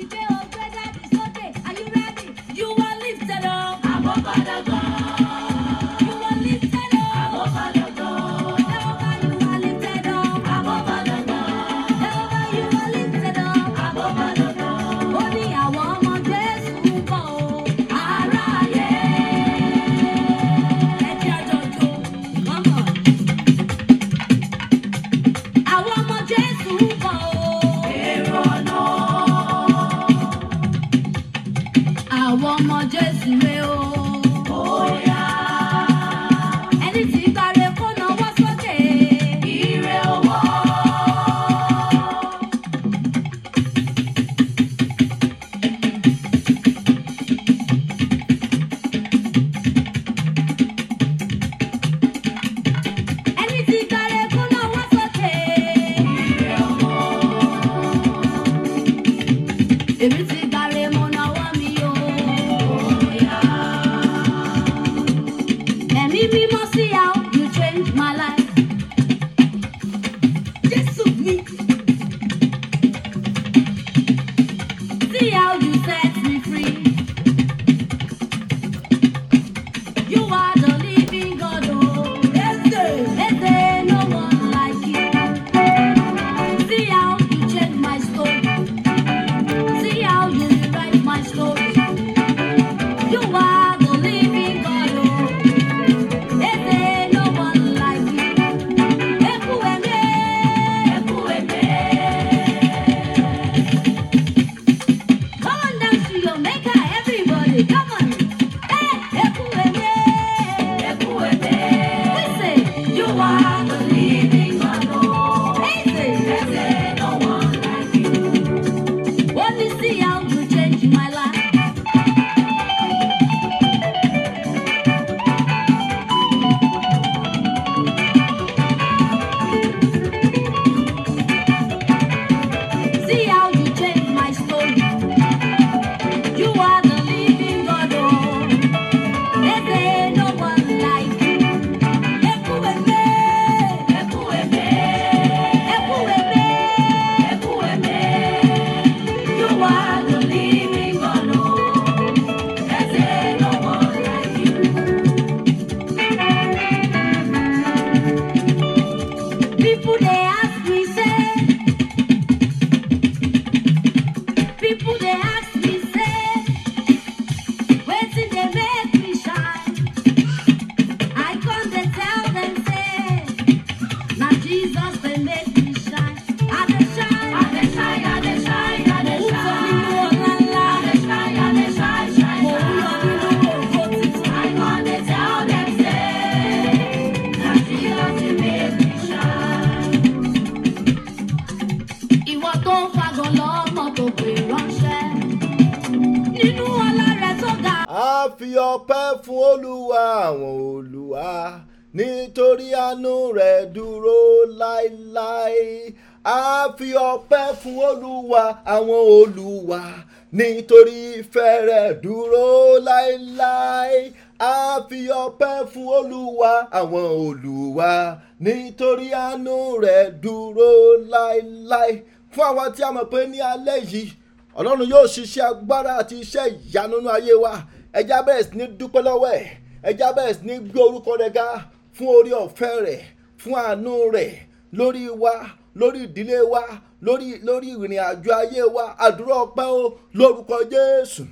You do. nítorí ìfẹ́ rẹ̀ dúró láéláé a fi ọpẹ́ fún olúwa àwọn olúwa nítorí àánú rẹ̀ dúró láéláé fún àwa tí a mọ̀ pé ní alẹ́ yìí ọlọ́run yóò ṣiṣẹ́ agbára àti iṣẹ́ ìyanu nínú ayé wa ẹja bẹ̀rẹ̀ sí ní dúpẹ́ lọ́wọ́ ẹ̀ ẹja bẹ̀rẹ̀ sí ní gbé orúkọ rẹ̀ ga fún orí ọ̀fẹ́ rẹ̀ fún àánú rẹ̀ lórí wa lórí ìdílé wa lórí lórí ìrìn àjò ayé wa àdúrà ọpẹ́ o lórúkọ Jésù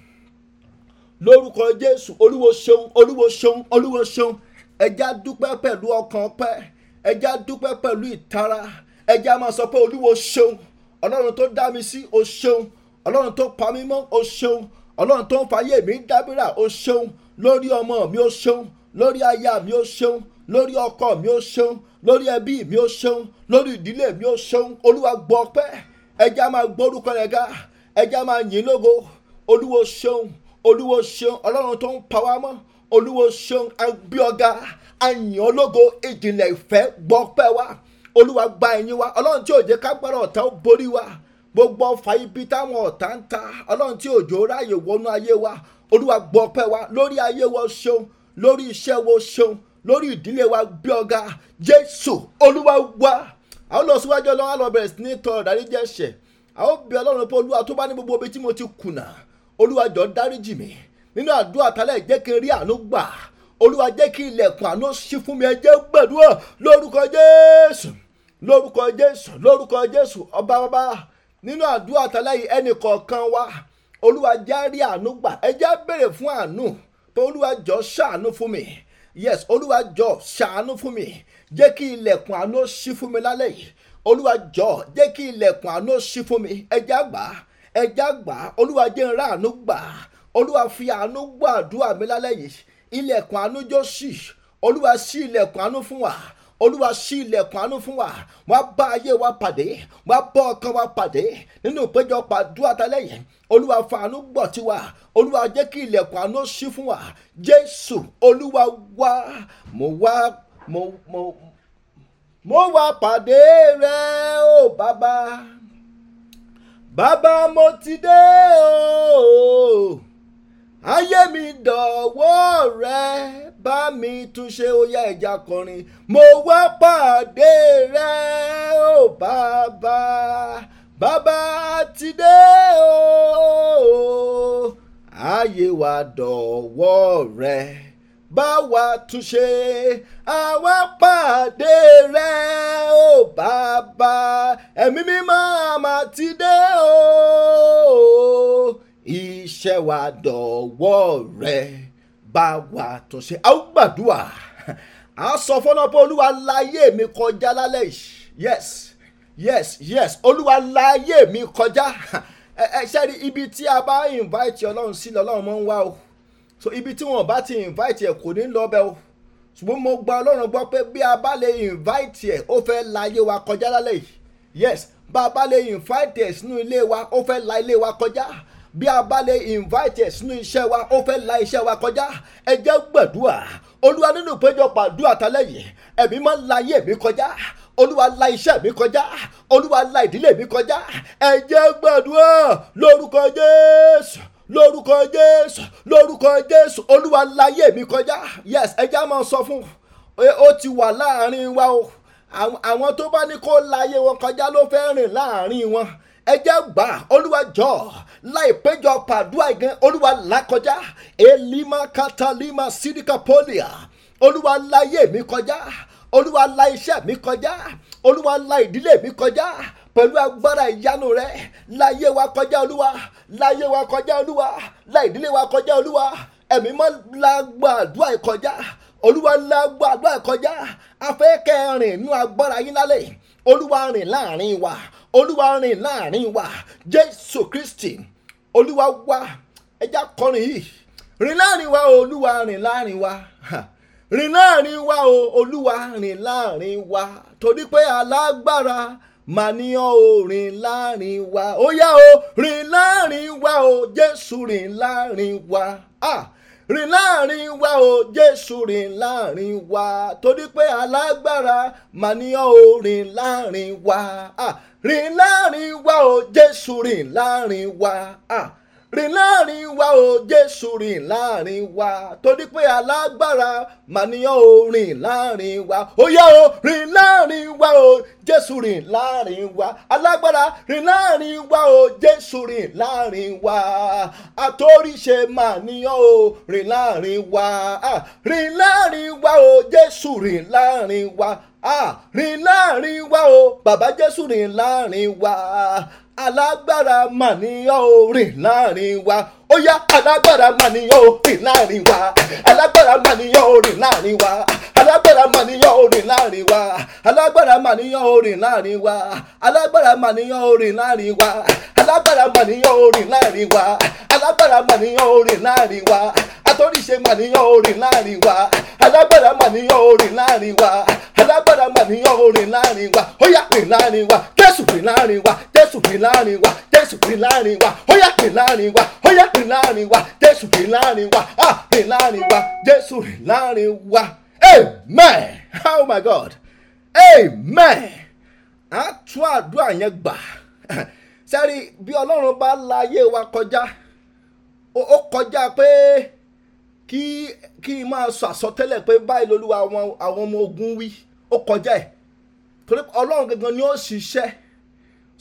lórúkọ Jésù olúwo ṣeun olúwo ṣeun olúwo ṣeun ẹjá dúpẹ́ pẹ̀lú ọkàn ọpẹ́ ẹjá dúpẹ́ pẹ̀lú ìtara ẹjá máa sọ pé olúwo ṣeun ọlọ́run tó dá mi sí o ṣeun ọlọ́run tó pa mí mọ́ o ṣeun ọlọ́run tó ń fayé mi dábìrà o ṣeun lórí ọmọ mi o ṣeun lórí aya mi o ṣeun lórí ọkọ mi ó ṣeun lórí ẹbí mi ó ṣeun lórí ìdílé mi ó ṣeun olúwa gbọ́ ọpẹ́ ẹja máa gbórúkọ rẹ̀ ga ẹja máa yìn lógo olúwo ṣeun olúwo ṣeun ọlọ́run tó ń pa wá mọ́ olúwo ṣeun agbíọ̀gá àyàn ológo ìjìnlẹ̀ ìfẹ́ gbọ́ ọpẹ́ wa olúwa gba ẹ̀yìn wa ọlọ́run tí òjé kágbára ọ̀tá ó borí wa gbogbo ọfà ibi táwọn ọ̀tá ń ta ọlọ́run tí òjò ráàyè wọnú ayé wa olúwa gbọ́ ọpẹ́ wa lórí ayé wa ṣeun lórí iṣẹ́ wa ṣeun lórí ìdílé wa bí ọ̀gá jésù olúwa wa àwọn lọ síwájú ọlọ́run àlọ́ bẹ̀rẹ̀ sí ní tọrọ dáríjì ẹ̀ṣẹ̀ àwọn bí ọlọ́run pé olúwa tó bá ní gbogbo ibi tí mo ti kùnà olúwa jọ dáríjì mi nínú àdúrà tálẹ̀ jẹ́ kí n rí àánú gbà olúwa jẹ́ kí ilẹ̀kùn àánú ṣí fún mi ẹ jẹ́ gbàdúrà lórúkọ jésù lórúkọ jésù lórúkọ jésù ọba bàbá nínú àdúrà tálẹ̀ yìí ẹnì kọ̀ọ̀kan wa olúwa jẹ́ rí àánú gbà ẹ jẹ́ béèrè fún àánú pé olúwa jọ ṣàánú fún mi yes olúwa jọ ṣàánú fún mi jẹ́ kí ilẹ̀kùn àánú ṣí fún mi lálẹ́ yìí olúwa jọ jẹ́ kí ilẹ̀kùn àánú ṣí fún mi ẹjẹ́ àgbà ẹjẹ́ àgbà olúwa jẹ́ ń rà àánú gbà olúwa fi àánú gbọ́ àdúrà mi lálẹ́ yìí ilẹ̀kùn àánú jọ ṣì olúwa ṣí ilẹ̀kùn àánú fún wa olúwa ṣí ilẹ̀kùn àánú fún wa wọ́n á bá ayé wa pàdé wọ́n á bọ́ ọkàn wa pàdé nínú ìpéjọpọ̀ àdúrà tẹ́lẹ̀yìn olúwa fàánú gbọ̀ tiwa olúwa jẹ́ kí ilẹ̀kùn àánú ṣí fún wa jésù olúwa wá mo wá mo mo mo wá pàdé rẹ o bàbá bàbá mo ti dé o. Oh, oh ayé mi dọ̀wọ́ rẹ bá mi túnṣe ó yá ẹja kọrin mo wá pàdé rẹ ó bàbá bàbá ti dé o ayé wa dọ̀wọ́ rẹ bá wa túnṣe àwa pàdé rẹ ó bàbá ẹ̀mí mímọ́ àmà ti dé o iṣẹ́ wa dọ̀wọ́ rẹ bá wa tún ṣe a ó gbàdúrà a sọ fọlọ́ pé olúwa láyé mi kọjá lálẹ́ yes yes yes olúwa láyé mi kọjá ẹ ẹ ṣe rí ibi tí a bá invite ọlọ́run sí lọ́lọ́run mọ́ ń wá o so ibi tí wọn bá ti invite ẹ kò ní lọ bẹ o ṣùgbọ́n mo gba ọlọ́run gbọ́ pé bí a bá lè invite ẹ ó fẹ́ la wa kọjá lálẹ́ yìí yes bá a bá lè invite ẹ sínú ilé wa ó fẹ́ la ilé wa kọjá bí a bá lè invite ẹ̀ sínú iṣẹ́ wa ó fẹ́ la iṣẹ́ wa kọjá ẹ jẹ́ gbàdúrà olúwa nínú ìpéjọpọ̀ àdúrà tálẹ̀ yìí ẹ̀mí máa ń la ayé mi kọjá olúwa la iṣẹ́ mi kọjá olúwa la ìdílé mi kọjá ẹ jẹ́ gbàdúrà lórúkọ jésù lórúkọ jésù lórúkọ jésù olúwa la ayé mi kọjá yes ẹ já máa sọ fún ó ti wà láàrin wa o àwọn tó bá ní kó la ayé wọn kọjá ló fẹ́ rìn láàrin wọn ẹjẹ́ gbà olúwa jọ láì péjọ pàdúrà gan olúwa làkọjá elima katalima sidika polia olúwa láyé mi kọjá olúwa la iṣẹ́ mi kọjá olúwa la ìdílé mi kọjá pẹ̀lú agbára ìyanu rẹ láyé wa kọjá olúwa láyé wa kọjá olúwa la ìdílé wa kọjá olúwa ẹ̀mí mọ́ la gbàdúrà ìkọjá olúwa la gbàdúrà ìkọjá afẹ́kẹ́ rìn nínú agbára yín lálẹ́ olúwa rìn láàrin wa olúwa rìn láàrin wa jésù kristi olúwa wá ẹja kọrin yìí rìn láàrin wa olúwa rìn láàrin wa rìn láàrin wa olúwa rìn láàrin wa torí pé alágbára mà ní ọ ò rìn láàrin wa ó yá o rìn láàrin wa o jésù rìn láàrin wa ah rìn láàrin wa o jésù rìn láàrin wa torí pé alágbára mà ní ọ ò rìn láàrin wa ah rìn láàrin wa o jésù rìn láàrin wa ah. rìn láàrin wa o jésù rìn láàrin wa torí pé alágbára màníyàn o rìn láàrin wa ó yá o rìn láàrin wa o jésù rìn láàrin wa alágbára rìn láàrin wa o jésù rìn láàrin wa àtòríṣe màníyàn o rìn láàrin wa rìn láàrin wa o jésù rìn láàrin wa. Ah, rìn láàrin wa o bàbá Jésù rìn láàrin wa alágbára mà ní rìn láàrin wa ó yá alágbára mà níyàn ó rìn láàrin wa alágbára mà níyàn ó rìn láàrin wa alágbára mà níyàn ó rìn láàrin wa alágbára mà níyàn ó rìn láàrin wa alágbára mà níyàn ó rìn láàrin wa alágbára mà níyàn ó rìn láàrin wa alágbára mà níyàn ó rìn láàrin wa atóríṣe mà níyàn rìn láàrin wa alágbára mà níyàn rìn láàrin wa alágbára mà níyàn rìn láàrin wa ó yá rìn láàrin wa jésù rìn láàrin wa jésù rìn láàrin wa jésù rìn láàrin wa ó yá rìn láàrin wa ó yá rìn láàrin wa jésù rìn láàrin wa ah rìn láàrin wa jésù rìn láàrin wa amen oh my god amen a tún àdúrà yẹn gbà sẹ́rí bí ọlọ́run bá la ayé wa kọjá ó kọjá pé kí kí n máa sọ àsọtẹ́lẹ̀ pé báyìí lolúwa àwọn àwọn ọmọ ogun wí ó kọjá ẹ̀ torí ọlọ́run gangan ni ó ṣiṣẹ́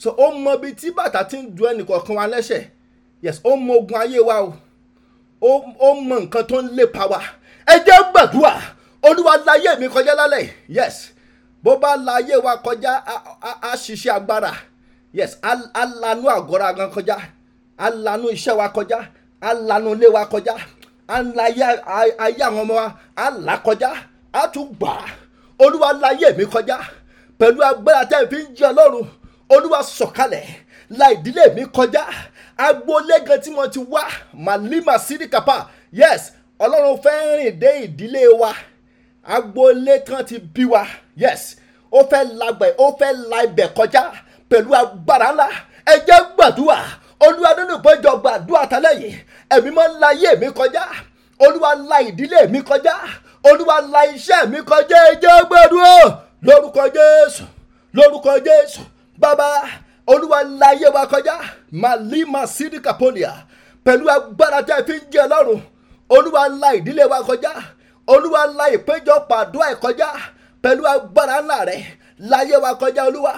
so ó mọ ibi tí bàtà ti ń du ẹnì kọ̀ọ̀kan wa lẹ́sẹ̀ yes ó mọ ogun ayé wa o ó mọ nǹkan tó ń lépa wa ẹ jẹ́ gbàdúrà olúwa láyé mi kọjá lálẹ́ yes bó bá láyé wa kọjá a ṣiṣẹ́ agbára yes a lanu àgọ́ra gan kọjá a lanu iṣẹ́ wa kọjá a lanu ilé wa kọjá a la ayé àwọn ọmọ wa a là kọjá a tún gbà olúwa láyé mi kọjá pẹ̀lú agbára tẹ́ fi ń jẹ́ ọlọ́run olúwa sọ̀kalẹ̀ la ìdílé mi kọjá agboolé gan tí mo ti wá malima sirikapa yes ọlọ́run fẹ́ rìn dé ìdílé wa agboolé kan ti bí wa yes ó fẹ́ lagbẹ̀ ó fẹ́ la ibẹ̀ kọjá pẹ̀lú agbára ńlá ẹ jẹ́ gbàdúrà olúwa nínú ìpẹ́jọ gbàdúrà tẹ́lẹ̀ yìí ẹ̀mí máa ń la ayé mi kọjá olúwa la ìdílé mi kọjá olúwa la iṣẹ́ mi kọjá ẹ gbàdúrà lórúkọ jésù lórúkọ jésù bàbá olúwa láyé wa kọjá màlímà sídìkà pọ́lìà pẹ̀lú agbára tí a fi ń jẹ́ ọlọ́run olúwa la ìdílé wa kọjá olúwa la ìpéjọpọ̀ àdúrà ìkọjá pẹ̀lú agbára ńlá rẹ̀ láyé wa kọjá olúwa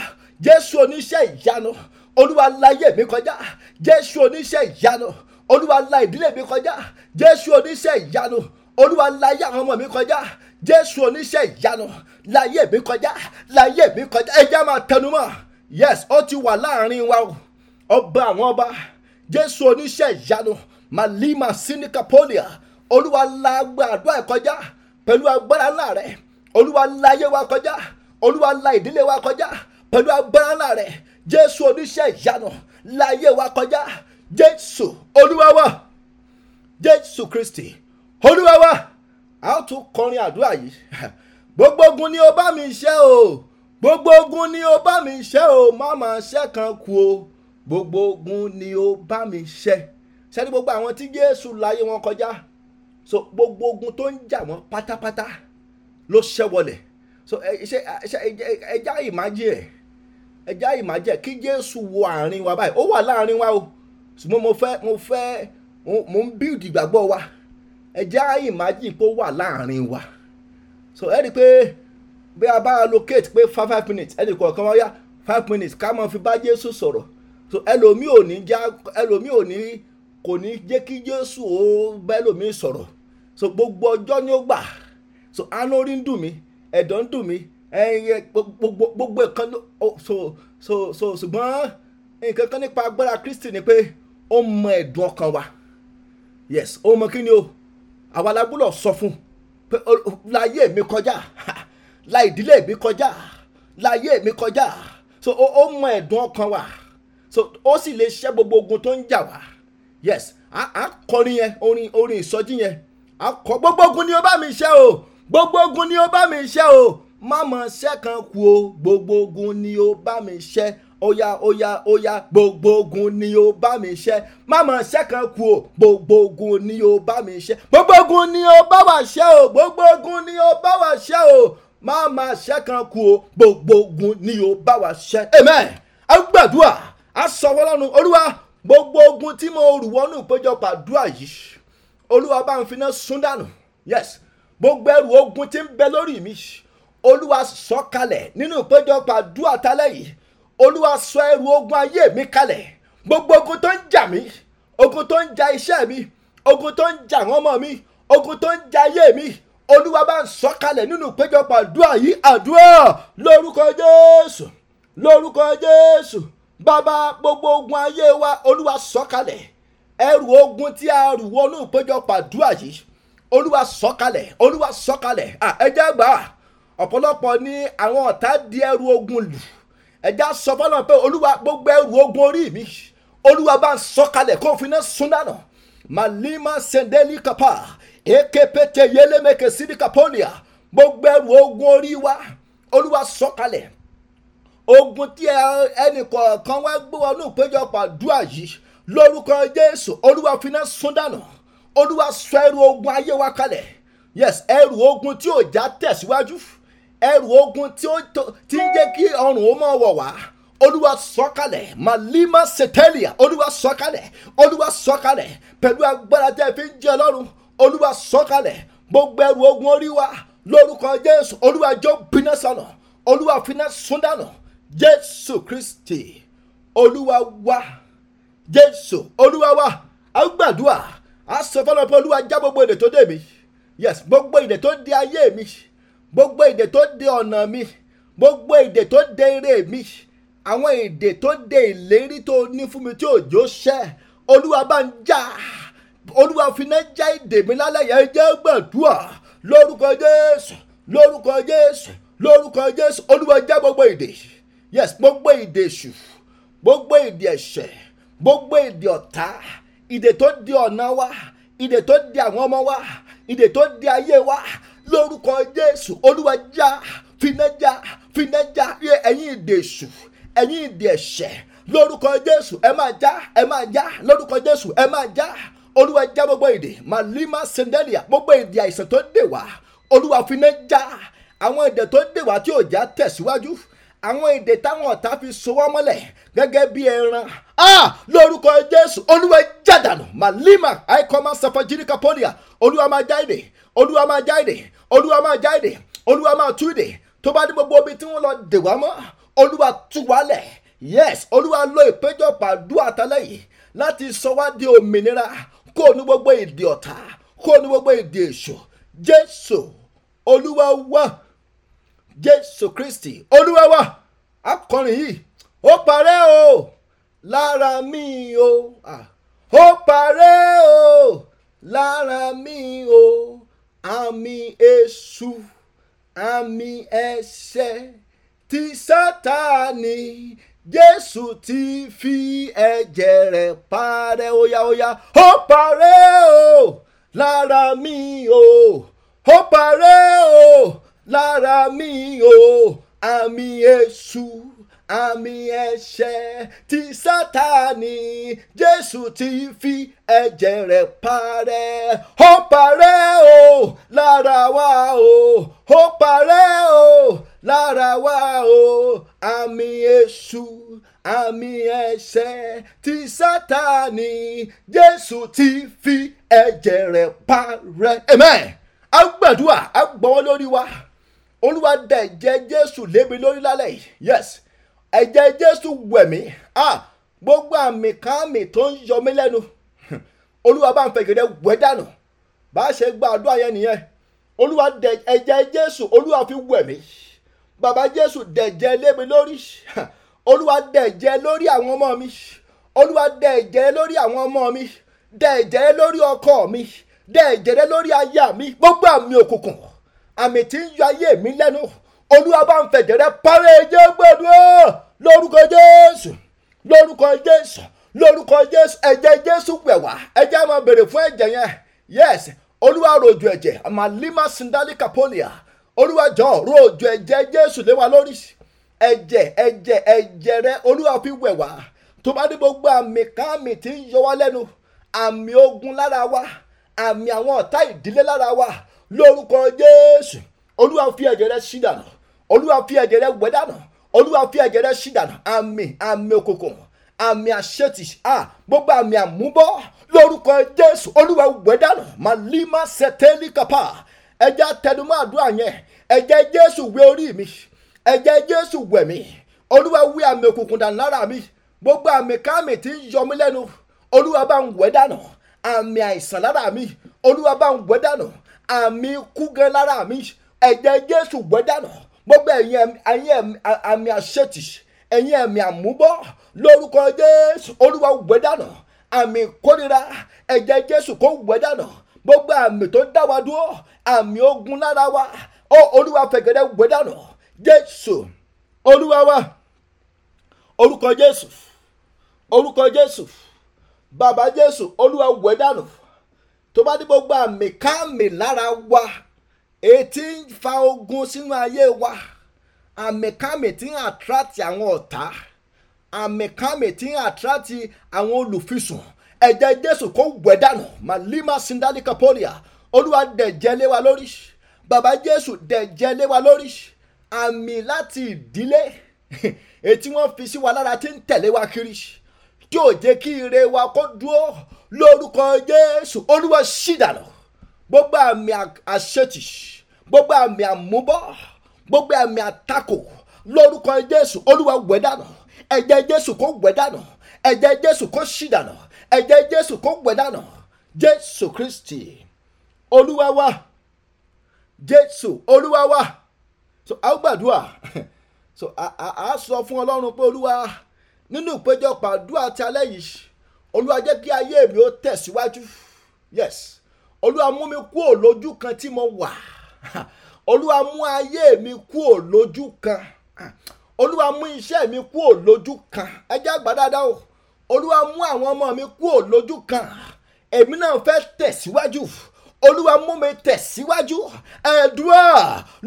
jésù oníṣẹ́ ìyanu olúwa láyé mi kọjá jésù oníṣẹ́ ìyanu olúwa la ìdílé mi kọjá jésù oníṣẹ́ ìyanu olúwa láyé àwọn ọmọ mi kọjá jésù oníṣẹ́ ìyanu láyé mi kọjá láyé mi kọjá ẹ jẹ́ máa tẹnumọ́ yes ó ti wà láàrin wa ọba àwọn ọba jésù oníṣẹ́ ìyanu malima sinikapolia olúwa la gba àdúrà ìkọjá pẹ̀lú agbára ńlá rẹ̀ olúwa la ayé wa kọjá olúwa la ìdílé wa kọjá pẹ̀lú agbára ńlá rẹ̀ jésù oníṣẹ́ ìyanu la ayé wa kọjá jésù olúwa wa jésù kristi olúwa wa a tún kọrin àdúrà yìí gbogbo ogun ni ó bá mi ṣe o gbogbo ogun ni ó bá mi ṣẹ́ o má máa ṣẹ́ kan kù o gbogbo ogun ni ó bá mi ṣẹ́ ṣẹ́ni gbogbo àwọn tí Jésù láyé wọn kọjá so gbogbo ogun tó ń jà wọ́n pátápátá ló ṣẹ́ wọlẹ̀ so ẹja ìmájẹ ẹja ìmájẹ kí Jésù wo àárín wa báyìí ó wà láàárín wa o ṣùgbọ́n mo fẹ́ mo fẹ́ mo ń build ìgbàgbọ́ wa ẹja ìmájì pé ó wà láàárín wa so ẹ rí i pé bí a bá allocate pé five five minutes ẹnì kọ̀ọ̀kan wáyà five minutes ká máa fi bá Jésù sọ̀rọ̀ so ẹlòmíì ò ní já ẹlòmíì ò ní kò ní jẹ́ kí Jésù ó bá ẹlòmíì sọ̀rọ̀ so gbogbo ọjọ́ ni ó gbà so anori ń dùn mí ẹ̀dọ̀ ń dùn mí ẹ̀yẹ gbogbo gbogbo ẹ̀kan so so so ṣùgbọ́n nǹkan kan nípa agbára Kristi ni pé ó mọ ẹ̀dùn ọkàn wa yes ó mọ kí ni o àwa la gbọ́dọ̀ sọ fún pé láyé mi kọjá ha la ìdílé mi kọjá la ayé mi kọjá so ó mọ ẹ̀dùn ọkàn wa so ó sì lè ṣẹ́ gbogbo ogun tó ń jà wá yes a kọrin yẹn orin orin ìsọjí yẹn a kọ gbogbo ogun ni ó bá mi ṣẹ́ o gbogbo ogun ni ó bá mi ṣẹ́ o má mọ̀ ṣẹ́ kan kú o gbogbo ogun ni ó bá mi ṣẹ́ oya oya oya gbogbo ogun ni ó bá mi ṣẹ́ má mọ̀ ṣẹ́ kan kú o gbogbo ogun ni ó bá mi ṣẹ́ gbogbo ogun ni ó bá wa ṣẹ́ o gbogbo ogun ni ó bá wa ṣẹ́ o má máa ṣẹ́ kan kú o gbogbo ni yóò bá wa ṣẹ́ amen a gbàdúrà a sọ̀wọ́ lọ́nu olúwa gbogbo ogun tí mo rù wọnú ìpéjọpọ̀ àdúrà yìí olúwa bá ń finá sún dànù yes gbogbo ẹrù ogun tí ń bẹ lórí mi olúwa sọ̀kalẹ̀ nínú ìpéjọpọ̀ àdúrà tálẹ̀ yìí olúwa sọ ẹrù ogun ayé mi kalẹ̀ gbogbo ogun tó ń jà mí ogun tó ń jà iṣẹ́ mi ogun tó ń jà àwọn ọmọ mi ogun tó ń jà ayé mi olúwa bá ń sọ̀kalẹ̀ nínú ìpéjọpọ̀ àdúrà yìí àdúrà lórúkọ jésù lórúkọ jésù bàbá gbogbo ogun ayé wa olúwa sọ̀kalẹ̀ ẹrù ogun tí a rù wọnú ìpéjọpọ̀ àdúrà yìí olúwa sọ̀kalẹ̀ olúwa sọ̀kalẹ̀ ẹjẹ gbà ọ̀pọ̀lọpọ̀ ní àwọn ọ̀tá di ẹrù ogun lù ẹjẹ sọ fọlọ́n pé olúwa gbogbo ẹrù ogun orí mi olúwa bá ń sọ̀kalẹ̀ kó fi náà sún dànù màlímà sẹ̀ndẹ́lì kàpá ekepete yelemeke sidikapolia gbogbo ẹrù ogun orí wa olúwa sọ̀kalẹ̀ ogun tí ẹnìkọ̀ọ̀kan wá gbé wọnú ìpéjọpọ̀ àdúrà yìí lórúkọ jésù olúwa finá sún dànù olúwa sọ ẹrù ogun ayé wa kalẹ̀ yes ẹrù ogun tí ò já tẹ̀síwájú ẹrù ogun tí ń jẹ́ kí ọrùn ó mọ̀ wọ̀ wá olúwa sọ̀kalẹ̀ malima setelia olúwa sọ̀kalẹ̀ olúwa sọ̀kalẹ̀ pẹ̀lú agbára tẹ́ fi ń jẹ́ ọlọ́run olúwa sọ̀kalẹ̀ gbogbo ẹrù ogun orí wa lórúkọ jésù olúwa jó bínú sọnà olúwa finá súndànà jésù kristi olúwa wá jésù olúwa wá a gbàdúrà a sọ fọlọ pé olúwa já gbogbo èdè tó dè mí yes gbogbo èdè tó dè ayé mi gbogbo èdè tó dè ọ̀nà mi gbogbo èdè tó dè eré mi àwọn èdè tó dè ìlérí tó ní fún mi tí òjò ṣẹ olúwa bá ń jà á olúwa fi náà já ìdè mi lálẹ́ yẹn jẹ́ gbàdúrà lórúkọ jésù lórúkọ jésù lórúkọ jésù olúwa já gbogbo ìdè yes gbogbo ìdè èṣù gbogbo ìdè ẹ̀ṣẹ̀ gbogbo ìdè ọ̀tá ìdè tó di ọ̀nà wa ìdè tó di àwọn ọmọ wa ìdè tó di ayé wa lórúkọ jésù olúwa já fínájà fínájà ẹ̀yin ìdè èṣù ẹ̀yin ìdè ẹ̀ṣẹ̀ lórúkọ jésù ẹ máa já ẹ máa já lórúkọ jésù ẹ máa já olúwa já gbogbo èdè malima sendelia gbogbo èdè àìsàn tó dè wá olúwa finá já àwọn èdè tó dè wá tí òjá tẹ̀síwájú àwọn èdè táwọn ọ̀tá fi sowọ́ mọ́lẹ̀ gẹ́gẹ́ bí ẹran ah lórúkọ jésù olúwa jàdánù màlímà àìkọ́má sàfàjìríkà pọ́lìà olúwa máa já èdè olúwa máa já èdè olúwa máa já èdè olúwa máa tú èdè tó bá dé gbogbo ibi tí wọ́n lọ dè wá mọ́ olúwa tú wá lẹ̀ yes olúwa lo ìpéjọpọ̀ àdúrà tálẹ̀ yìí láti sọ wá di òmìnira kó o ní gbogbo èdè ọ̀tá kó o ní gbogbo èdè èṣù jésù olúwa wá jésù kristi olúwa wá akọrin yìí ó parẹ́ o lára mi o ó parẹ́ o lára mi o àmì èṣù àmì ẹ̀ṣẹ̀ ti sátani jésù ti fi ẹ̀jẹ̀ rẹ̀ parẹ́ óyáóyá ó parẹ́ o lára mi o ó parẹ́ o lára mi o àmì èṣù àmì ẹ̀ṣẹ̀ ti sátani jésù ti fi ẹ̀jẹ̀ rẹ̀ parẹ́ ó parẹ́ o lára wa o ó parẹ́ o lára wa o àmì èṣù àmì ẹ̀ṣẹ̀ ti sátani jésù ti fi ẹ̀jẹ̀ rẹ̀ parẹ́ amen a gbàdúrà a gbọ́wọ́ lórí wa olúwa da ẹ̀jẹ̀ jésù lébi lórí lálẹ́ yìí yes jésù wẹ̀mí ah gbogbo àmì káàmì tó ń yọ mí lẹ́nu olúwa bá ń fẹ́ gẹ́gẹ́ wẹ́ dànù bá a ṣe gba àdúrà yẹn nìyẹn olúwa da ẹ̀jẹ̀ jésù olúwa fi wẹ̀mí. Baba jésù dẹ̀jẹ̀ lé mi lórí olúwa dẹ̀jẹ̀ lórí àwọn ọmọ mi olúwa dẹ̀jẹ̀ lórí àwọn ọmọ mi dẹ̀jẹ̀ lórí ọkọ mi dẹ̀jẹ̀ lórí aya mi gbogbo àmì òkùnkùn àmì tí ń yọ ayé mi lẹ́nu olúwa bá ń fẹ̀jẹ̀ rẹ parí ẹjẹ́ gbẹ̀dúrà lórúkọ jésù lórúkọ jésù lórúkọ jésù ẹ̀jẹ̀ jésù pẹ̀ wá ẹ̀jẹ̀ máa bèrè fún ẹ̀jẹ̀ yẹn yes olúwa rọ̀jò ẹ̀jẹ̀ àmàlímà sindali kapolia olúwa jọ̀ọ́ rọ̀ òjò ẹ̀jẹ̀ jésù lé wa lórí ẹ̀jẹ̀ ẹ̀jẹ̀ ẹ̀jẹ̀ rẹ olúwa fi wẹ̀ wá tó bá dé gbogbo àmì káàmì tí ń yọ wá lẹ́nu àmì ogun lára wa àmì àwọn ọ̀tá ìdílé lára wa lórúkọ jésù olúwa fi ẹ̀jẹ̀ rẹ sí dànù olúwa fi ẹ̀jẹ̀ rẹ wẹ̀ dànù olúwa fi ẹ̀jẹ̀ rẹ sí dànù àmì àmì òkùnkùn àmì àṣetì à gbogbo àmì àmúbọ́ lórúkọ jésù olúwa wẹ̀ dànù màlímà sẹtẹ́lì kápá ẹja tẹnumọ́ àdúrà yẹn ẹ̀jẹ̀ jésù wẹ orí mi ẹ̀jẹ̀ jésù wẹ̀ mí olúwa wí àmì òkùnkùn dànù mi gbogbo àmì káàmì tí ń yọ mí lẹ́nu olúwa bá ń wẹ̀ dànù àmì àìsàn lára mi olúwa bá ń wẹ̀ dànù àmì ikú gan lára mi ẹ̀jẹ̀ jésù wẹ̀ dànù gbogbo ẹ̀yin àmì àṣetì ẹ̀yin ẹ̀mí àmúbọ̀ lórúkọ jésù olúwa wẹ̀ dànù àmì kórira ẹ̀jẹ̀ jésù kó wẹ̀ dànù gbogbo àmì tó dá wa dúró àmì ogun lára wa ó olúwa fẹ̀gẹ̀dẹ̀ gbẹ́dànù jésù olúwa wa orúkọ jésù orúkọ jésù bàbá jésù olúwa gbẹ́dànù tó bá dé gbogbo àmì káàmì lára wa ètí ń fa ogun sínú ayé wa àmì káàmì tí ń àtúrátì àwọn ọ̀tá àmì káàmì tí ń àtúrátì àwọn olùfisùn ẹ̀jẹ̀ jésù kó gbẹ́dànù màlímà sindalika polia olúwa dẹ̀jẹ̀ lé lórí Baba jésù dẹ̀jẹ̀ lé wa lórí àmì láti ìdílé ètí wọ́n fi sí wa lára tí ń tẹ̀lé wa kiri tí ò jẹ́ kí ire wa kó dúró lórúkọ jésù olúwa ṣìdànà gbogbo àmì àṣetì gbogbo àmì àmúbọ gbogbo àmì àtakò lórúkọ jésù olúwa wẹ̀ dànù ẹ̀jẹ̀ jésù kó wẹ̀ dànù ẹ̀jẹ̀ jésù kó ṣìdànà ẹ̀jẹ̀ jésù kó wẹ̀ dànù jésù kristi olúwa wa jésù olúwa wa so a ó gbàdúrà so a a sọ fún ọlọ́run pé olúwa nínú ìpéjọpọ̀ àdúrà ti alẹ́ yìí olúwa jẹ́ kí ayé mi ó tẹ̀síwájú yes olúwa mú mi kúrò lójú kan tí mo wà olúwa mú ayé mi kúrò lójú kan olúwa mú iṣẹ́ mi kúrò lójú kan ẹ jẹ́ àgbà dáadáa o olúwa mú àwọn ọmọ mi kúrò lójú kan èmi náà fẹ́ tẹ̀síwájú. Si olúwa mú mi tẹ̀síwájú ẹ̀dúrà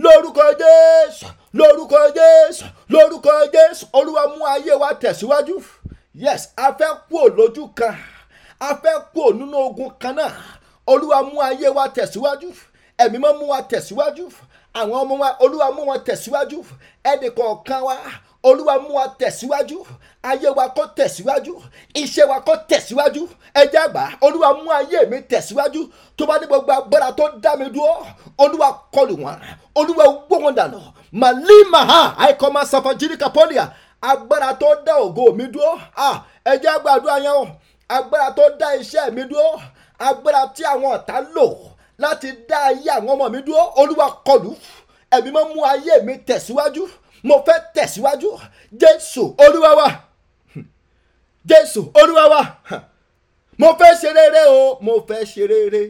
lórúkọ jésù lórúkọ jésù lórúkọ jésù olúwa mú ayé wa tẹ̀síwájú yes a fẹ́ kú lójú kan a fẹ́ kú nínú ogun kan náà olúwa mú ayé wa tẹ̀síwájú ẹ̀mí mọ́ mú wa tẹ̀síwájú àwọn ọmọ wa olúwa mú wọn tẹ̀síwájú ẹnì kọ̀ọ̀kan wa olúwa mú wa tẹ̀síwájú ayé wa kó tẹ̀síwájú iṣẹ́ wa kó tẹ̀síwájú ẹjẹ́ àgbà olúwa mú ayé mi tẹ̀síwájú tó bá ní gbogbo agbára tó dá mi dúró olúwa kọlù wọn olúwa wó wọn dànù màlímàhà àìkọ́má sàfàjìrìkà pọ́lìà agbára tó dá ògo mi dúró ẹjẹ́ àgbà àdúrà yẹn o agbára tó dá iṣẹ́ mi dúró agbára tí àwọn ọ̀tá lò láti dá ayé àwọn ọmọ mi dúró olúwa kọlù ẹ̀mí mọ́ mú ayé mi tẹ̀síwájú mo fẹ́ tẹ̀síwájú jésù olúwa wa jésù olúwa mo fẹ́ ṣe o mo fẹ́ ṣe rere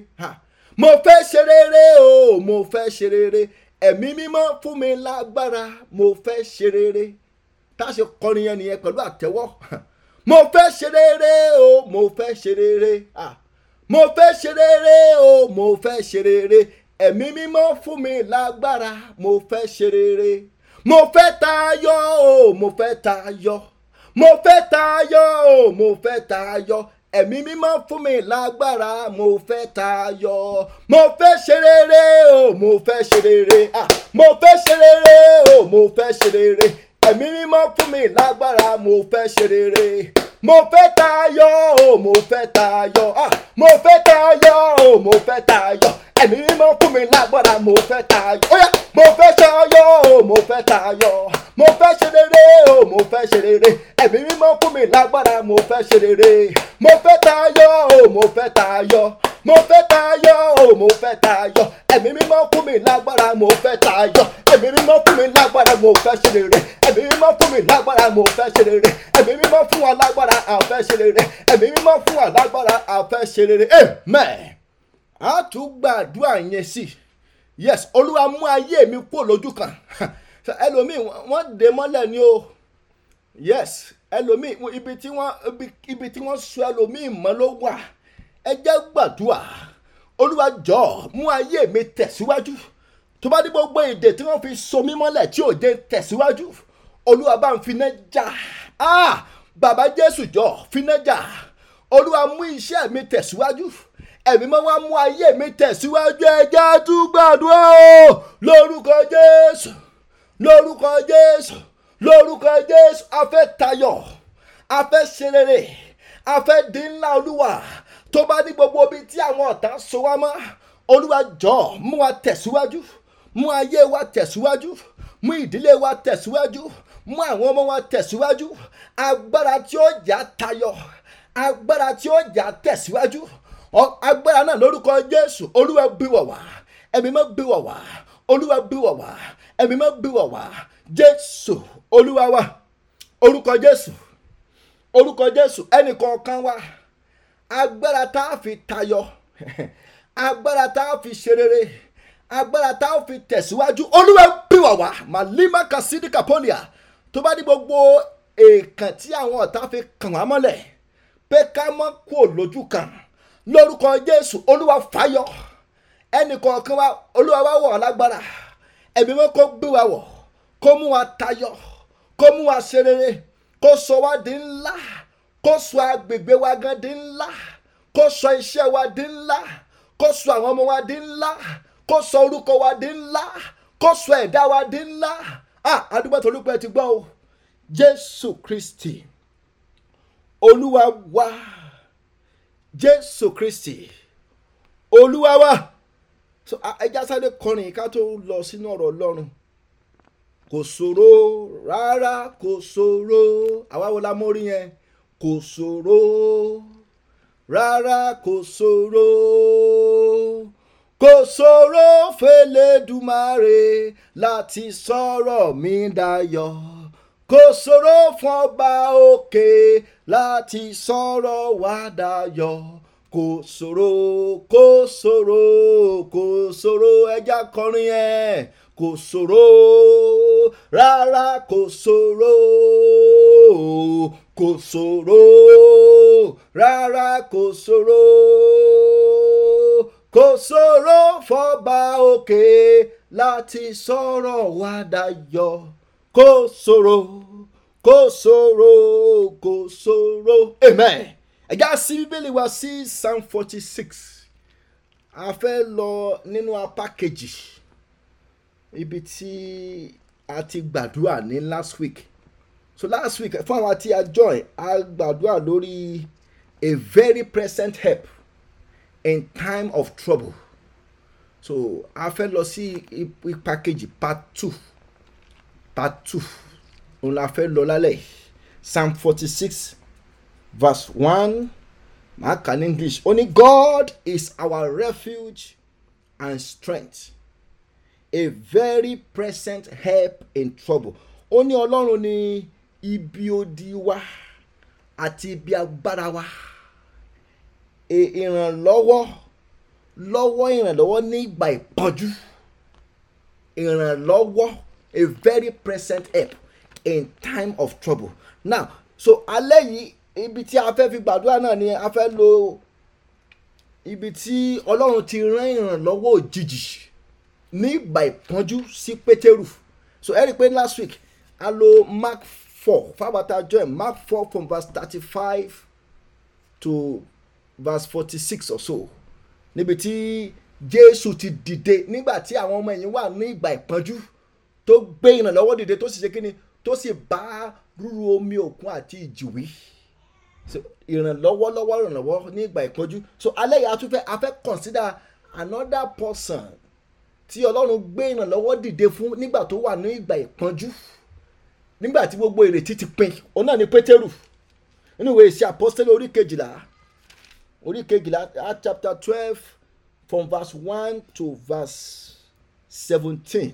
mo fẹ́ ṣe o mo fẹ́ ṣe rere ẹ̀mí mímọ́ fún mi lágbára mo fẹ́ ṣe rere tá a ṣe kọrin yẹn nìyẹn pẹ̀lú àtẹ́wọ́ mo fẹ́ ṣe o mo fẹ́ ṣe Ah mo fẹ́ ṣe rere o mo fẹ́ ṣe rere ẹ̀mí mímọ́ fún mi lágbára mo fẹ́ ṣe rere mo fẹ́ tayọ o mo fẹ́ tayọ mo fẹ́ tayọ o mo fẹ́ tayọ ẹ̀mí mímọ́ fún mi lágbára mo fẹ́ tayọ mo fẹ́ ṣe rere o mo fẹ́ ṣe rere ah mo fẹ́ ṣe rere o mo fẹ́ ṣe rere ẹ̀mí mímọ́ fún mi lágbára mo fẹ́ ṣe rere mo fẹ́ tayọ o mo fẹ́ tayọ ah, mo fẹ́ tayọ o mo fẹ́ tayọ ẹ̀mí mímọ́ fún mi lágbára mo fẹ́ tayọ ó yá mo fẹ́ tayọ o mo fẹ́ tayọ mo fẹ́ ṣe rere o mo fẹ́ ṣe ẹ̀mí mímọ́ fún mi lágbára mo fẹ́ ṣe rere mo fẹ́ tayọ o mo fẹ́ tayọ mo fẹ́ tayọ o oh, mo fẹ́ tayọ ẹ̀mí mímọ́ fún mi lágbára mo fẹ́ tayọ ẹ̀mí mímọ́ fún mi lágbára mo fẹ́ ṣe rere ẹ̀mí mímọ́ fún mi lágbára mo fẹ́ ṣe rere ẹ̀mí mímọ́ fún wa lágbára a fẹ́ ṣe rere ẹ̀mí mímọ́ fún wa lágbára a fẹ́ ṣe rere amen a tún gbàdúrà yẹn sí yes olúwa mú ayé mi kó lójú kan ẹlòmíì wọ́n dé mọ́lẹ̀ ni o yes ẹlòmíì ibi tí wọ́n ibi tí wọ́n sọ ẹlòmíì mọ́ ló wà ẹ jẹ́ gbàdúrà olúwa jọ̀ọ́ mú ayé mi tẹ̀síwájú tó bá dé gbogbo èdè tí wọ́n fi so mí mọ́lẹ̀ tí òde tẹ̀síwájú olúwa bá ń finá jà ah bàbá jésù jọ̀ọ́ finá jà olúwa mú iṣẹ́ mi tẹ̀síwájú ẹ̀mí mọ́ wá mú ayé mi tẹ̀síwájú ẹja tún gbàdúrà o lórúkọ jésù lórúkọ jésù lórúkọ jésù a fẹ́ tayọ̀ a fẹ́ ṣe rere a fẹ́ dín ńlá olúwa tó bá ní gbogbo ibi tí àwọn ọ̀tá so wá mọ́ olúwa jọ̀ọ́ mú wa tẹ̀síwájú mú ayé wa tẹ̀síwájú mú ìdílé wa tẹ̀síwájú mú àwọn ọmọ wa tẹ̀síwájú agbára tí ó jà tayọ agbára tí ó jà tẹ̀síwájú agbára náà lórúkọ jésù olúwa bí wá ẹ̀mí mọ́ bí wá olúwa bí wá ẹ̀mí mọ́ bí wá jésù olúwa wa orúkọ jésù orúkọ jésù ẹnì kọ̀ọ̀kan wa agbára tá a fi tayọ agbára tá a fi ṣe agbára tá a fi tẹ̀síwájú olúwa bí wá màlímà kasidi kapolia tó bá ní gbogbo èèkàn tí àwọn ọ̀tá fi kàn wá mọ́lẹ̀ pé ká mọ́ kú lójú kan lórúkọ jésù olúwa fàyọ ẹnì kọ̀ọ̀kan wa olúwa wá wọ̀ lágbára ẹ̀mí mọ́ kó gbé wa wọ̀ kó mú wa tayọ kó mú wa ṣe kó sọ wá di ńlá kó sọ agbègbè wa gan di ńlá kó sọ iṣẹ́ wa di ńlá kó sọ àwọn ọmọ wa di ńlá kó sọ orúkọ wa di ńlá kó sọ ẹ̀dá wa di ńlá àdúgbò tó lùpẹ̀ ti gbọ́ o jésù kristi olúwa wa jésù kristi olúwa wa so ẹja sáré kọrin ká tó lọ sínú ọ̀rọ̀ ọlọ́run kò ṣòro rárá kò ṣòro àwa wo la mórí yẹn kò ṣòro rárá kò ṣòro kò ṣòro fẹlẹ́dùmarè láti sọ̀rọ̀ mi dayọ̀ kò ṣòro fún ọba òkè láti sọ̀rọ̀ wa dayọ̀ kò ṣòro kò ṣòro kò ṣòro ẹja kọrin ẹ kò ṣòro rárá kò ṣòro kò ṣòro rárá kò ṣòro kò ṣòro fọba òkè láti sọ̀rọ̀ wa dayọ̀ kò ṣòro kò ṣòro kò ṣòro amen ẹ̀já sí bíbélì wa sí psalm forty six a fẹ́ lọ nínú apá kejì ibi tí a ti gbàdúrà ní last week so last week fún àwọn àti àjọ ẹ̀ a gbàdúrà lórí a very present help in time of trouble so a fẹ́ lọ sí ipa package part two part two òun la fẹ́ lọ lálẹ́ psalm forty six verse one màá kà ní english only. god is our refuge and strength a very present help in trouble ó ní ọlọ́run ni ibi odi wa àti ibi agbára wa e, ìrànlọ́wọ́ lọ́wọ́ ìrànlọ́wọ́ ní ìgbà ìpọ́njú ìrànlọ́wọ́ a very present help in time of trouble now so alẹ́ yìí ibi tí a fẹ́ fi gbàdúrà náà ni a fẹ́ lo ibi tí ọlọ́run ti rán ìrànlọ́wọ́ òjijì ní ìgbà ìpọ́njú sí pétérù so ẹ rí i pé last week a lo mark four fáwọn tá join mark four from verse thirty-five to verse forty-six or so níbi tí jésù ti dìde nígbà tí àwọn ọmọ ẹ̀yìn wà ní ìgbà ìpọ́njú tó gbé ìrànlọ́wọ́ dìde tó sì ṣe kíni tó sì bá rúru omi òkun àti ìjìwí ìrànlọ́wọ́ lọ́wọ́ ìrànlọ́wọ́ ní ìgbà ìpọ́njú so alẹ́ yìí a tún consider another person tí ọlọ́run gbé ìrànlọ́wọ́ dìde fún nígbà tó wà ní ìgbà ìpọ́njú. E nígbà tí gbogbo ìrètí ti pin òun náà ni pétérù nínú ìwé ìṣe àpọ́sítélì orí kejìlá orí kejìlá act chapter twelve from verse one to verse seventeen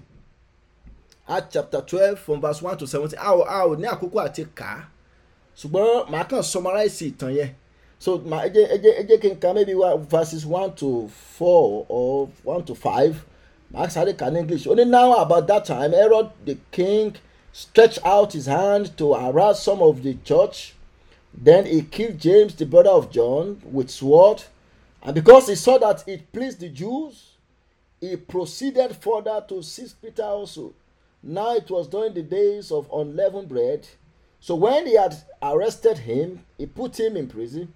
act chapter twelve from verse one to seventeen a ò a ò ní àkókò àti kà á ṣùgbọ́n màá kàn summarize ìtàn yẹn so ma ẹ jẹ́ ẹ jẹ́ ẹ jẹ́ kí n ka maybe verses one to four or one to five màá sáré kà ní English ó ní now about that time Herod the king. stretched out his hand to harass some of the church. Then he killed James, the brother of John, with sword. And because he saw that it pleased the Jews, he proceeded further to seize Peter also. Now it was during the days of unleavened bread. So when he had arrested him, he put him in prison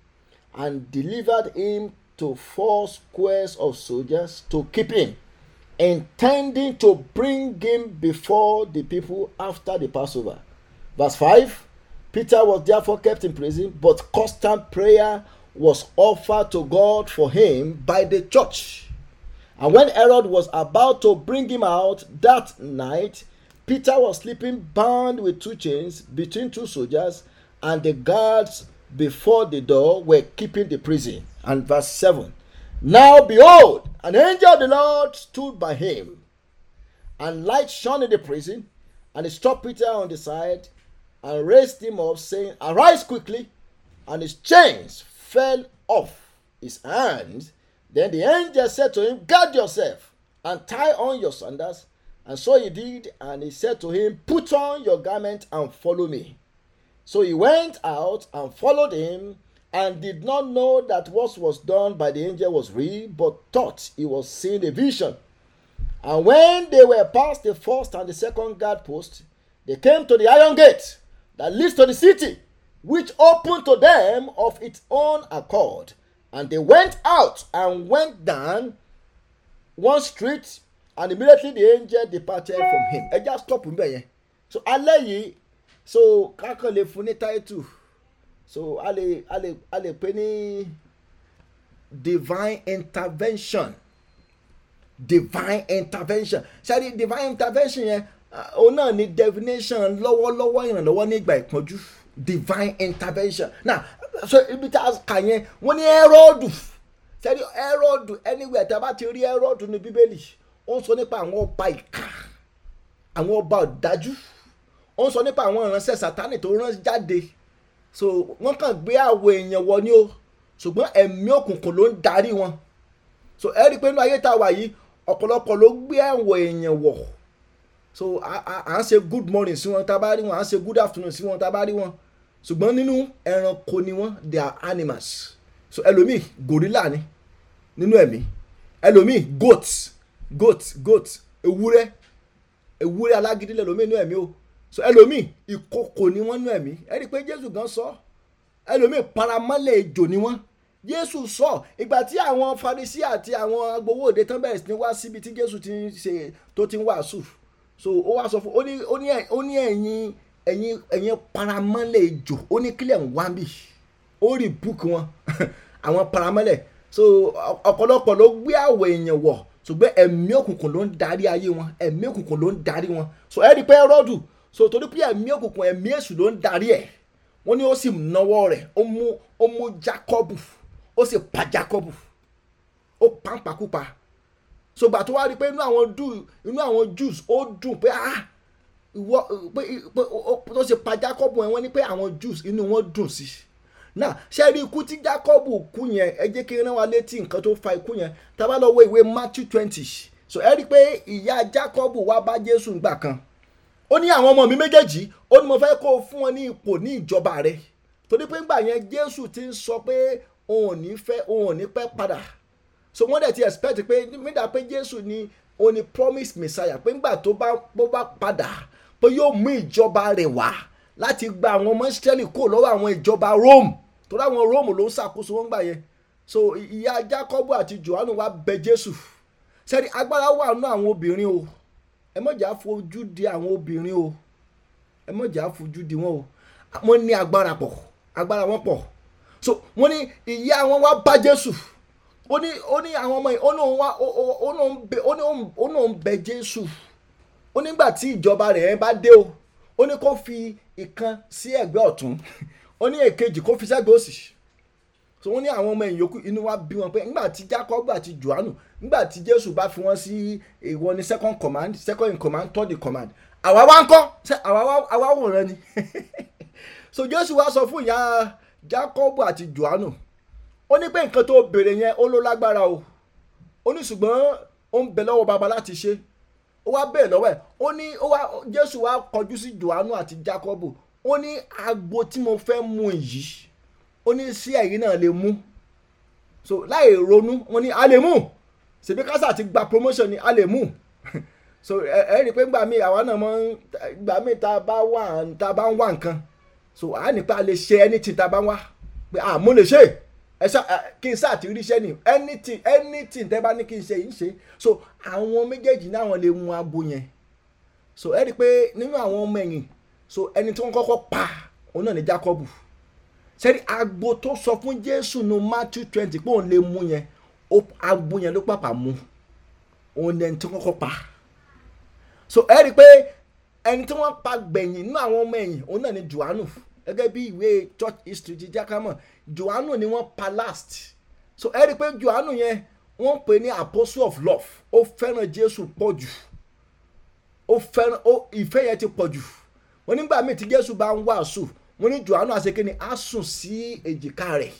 and delivered him to four squares of soldiers to keep him intending to bring him before the people after the Passover. Verse 5 Peter was therefore kept in prison, but constant prayer was offered to God for him by the church. And when Herod was about to bring him out that night, Peter was sleeping bound with two chains between two soldiers, and the guards before the door were keeping the prison. And verse 7 now behold, an angel of the Lord stood by him, and light shone in the prison, and he struck Peter on the side and raised him up, saying, Arise quickly. And his chains fell off his hands. Then the angel said to him, Guard yourself and tie on your sandals. And so he did, and he said to him, Put on your garment and follow me. So he went out and followed him and did not know that what was done by the angel was real, but thought he was seeing a vision. And when they were past the first and the second guard post, they came to the iron gate that leads to the city, which opened to them of its own accord. And they went out and went down one street, and immediately the angel departed from him. I just stop. So, Alayi, so, Kakale Funi title so a lè a lè a lè pè ní divine intervention divine intervention ṣáàrí divine intervention yẹn òun náà ni definition lọ́wọ́lọ́wọ́ ìrànlọ́wọ́ nígbà ìpọ́njú divine intervention now so ibi tá a kà yẹn wọ́n ní ẹ́rọ́ọ̀dù ṣáàrí ẹ́rọ́ọ̀dù anywhere tá a bá ti rí ẹ́rọ́ọ̀dù ní bíbélì ó ń sọ nípa àwọn ọba ìka àwọn ọba ọ̀dájú ó ń sọ nípa àwọn ìránṣẹ́ sátánì tó rán jáde so wọ́n kàn gbé àwọ̀ èèyàn wọ ni o ṣùgbọ́n ẹ̀mí òkùnkùn ló ń darí wọn so ẹ rí i pé inú ayé tá a wà yìí ọ̀pọ̀lọpọ̀ ló gbé àwọ̀ èèyàn wọ̀ so à ń ṣe good morning sí wọn tá a bá rí wọn à ń ṣe good afternoon sí wọn tá a bá rí wọn ṣùgbọ́n nínú ẹranko ni wọ́n they are animals so ẹlòmíì gorilla ni nínú ẹ̀mí ẹlòmíì goat goat goat ewúrẹ́ ewúrẹ́ alágídí lẹ́lòmíì nínú ẹ̀mí o so ẹlòmíì ìkòkò ni wọ́n nú ẹ̀mí ẹ rí pé jésù gan sọ ẹlòmíì paramọ́lẹ̀ ejò ni wọ́n jésù sọ ìgbà tí àwọn farisi àti àwọn agbowó òde tán bẹ̀rẹ̀ sí ní wá síbi tí jésù ti ń ṣe tó ti ń wàásù so ó wá sọ fún ó ní ẹ̀yin ẹ̀yin ẹ̀yin paramọ́lẹ̀ ejò ó ní kílẹ̀ ń wá bì ó rí búùkù wọn àwọn paramọ́lẹ̀ so ọ̀pọ̀lọpọ̀ ló gbé àwọ̀ èèyàn wọ̀ ṣùgbọ́n ẹ̀mí òkùnkùn ló ń darí ayé wọn ẹ̀mí òkùnkùn ló ń darí wọn so ẹ rí i pé rọ́dù so torí pé ẹ̀mí òkùnkùn ẹ̀mí èṣù ló ń darí ẹ̀ wọ́n ní ó sì náwó rẹ̀ ó mú ó mú Jákọ́bù ó sì pa Jákọ́bù ó pàǹpàkúpa so gbà tó wá rí i pé inú àwọn inú àwọn Jews ó dùn pé ah ìwọ pé pé tó ṣe pa Jákọ́bù ẹ̀ wọ́n ní pé àwọn Jews inú wọn dùn sí i náà ṣe rí ikú tí Jákọ́bù kú yẹn ẹ jẹ́ kí n rán wa létí nǹkan tó fa ikú yẹn tá a bá lọ wo ìwé Matthew twenty so ẹ rí i pé ìyá Jákọ́bù wá bá Jésù nígbà kan ó ní àwọn ọmọ mi méjèèjì ó ní mo fẹ́ kó o fún wọn ní ipò ní ìjọba rẹ torí pé ńgbà yẹn Jésù ti ń sọ pé òun ò ní fẹ́ òun ò ní pẹ́ padà so wọ́n dẹ̀ ti expect pé nígbà pé Jésù ni òun ni promise Messiah pé ńgbà tó bá bó bá padà pé yóò mú ìjọba rẹ̀ wá láti gba àwọn ọmọ Ísírẹ́lì kó lọ́wọ́ àwọn ìjọba Rome torí àwọn Rome ló ń ṣàkóso wọn gbà yẹn so ìyá Jákọ́bù àti Jòhánù wá bẹ Jésù sẹ́ni agbára wà nù àwọn obìnrin o ẹ mọ̀jà fojú di àwọn obìnrin o ẹ mọ̀jà fojú di wọn o wọ́n ní agbára pọ̀ agbára wọn pọ̀ so wọ́n ní ìyá wọn wá bá Jésù ó ní ó ní àwọn ọmọ yìí ó ní òun wá ó ní òun bẹ ó ní òun bẹ Jésù ó nígbà tí ìjọba rẹ̀ bá dé o ó ní kó fi ìkan sí ẹ̀gbẹ́ ọ̀tún ó ní èkejì kó fi sẹ́gbẹ́ òsì so wọ́n ní àwọn ọmọ ẹ̀yìn yòókù inú wa bí wọn pé nígbà tí Jacob àti Jòhánù nígbà tí Jésù bá fi wọ́n sí ìwọ e, ni second command second in command third in command àwa wá ń kọ́ àwa wòran ni so Jésù wá sọ fún ìyá Jacob àti Jòhánù ó ní pé nǹkan tó béèrè yẹn ó ló lágbára o ó ní ṣùgbọ́n ó ń bẹ lọ́wọ́ baba láti ṣe ó wá bẹ́ẹ̀ lọ́wọ́ ẹ̀ ó ní ó wá Jésù wá kọjú sí Jòhánù àti Jacob ó ní agbo tí mo fẹ́ mu yìí ó ní sí ẹ̀yin náà lè mú so láì ronú wọn ni a lè mú ṣèbí kásá ti gba promotion ni a lè mú so ẹ ẹ rí i pé gbà mí àwa náà mọ gbà mí tá bá wà tá bá ń wà nǹkan so a nípa lè ṣe anything tá a bá ń wà pé a mú lè ṣe ẹ ṣá kí n sáà ti ríṣẹ́ ni anything anything tẹ́ bá ní kí n ṣe yìí ṣe so àwọn méjèèjì náà wọn lè mú abo yẹn so ẹ rí i pé nínú àwọn ọmọ ẹ̀yìn so ẹni tí wọ́n kọ́kọ́ pa òun náà ni Jákọ́bù sẹ́rí agbo tó sọ fún jésù nu matthew twenty pé òun lè mú yẹn agbo yẹn ló pàpà mú òun lẹni tí wọ́n kọ́ pa so ẹ rí i pé ẹni tí wọ́n pa gbẹ̀yìn nínú àwọn ọmọ ẹ̀yìn òun náà ni johannu gẹ́gẹ́ bí ìwé church history ti jákàmọ̀ johannu ni wọ́n pa last so ẹ rí i pé johannu yẹn wọ́n pè ní apostle of love ó fẹ́ràn jésù pọ̀ jù ó fẹ́ràn ó ìfẹ́ yẹn ti pọ̀ jù wọ́n nígbà míì tí jésù bá ń wàásù wọ́n ní aseke ni á sùn sí èjìká rẹ̀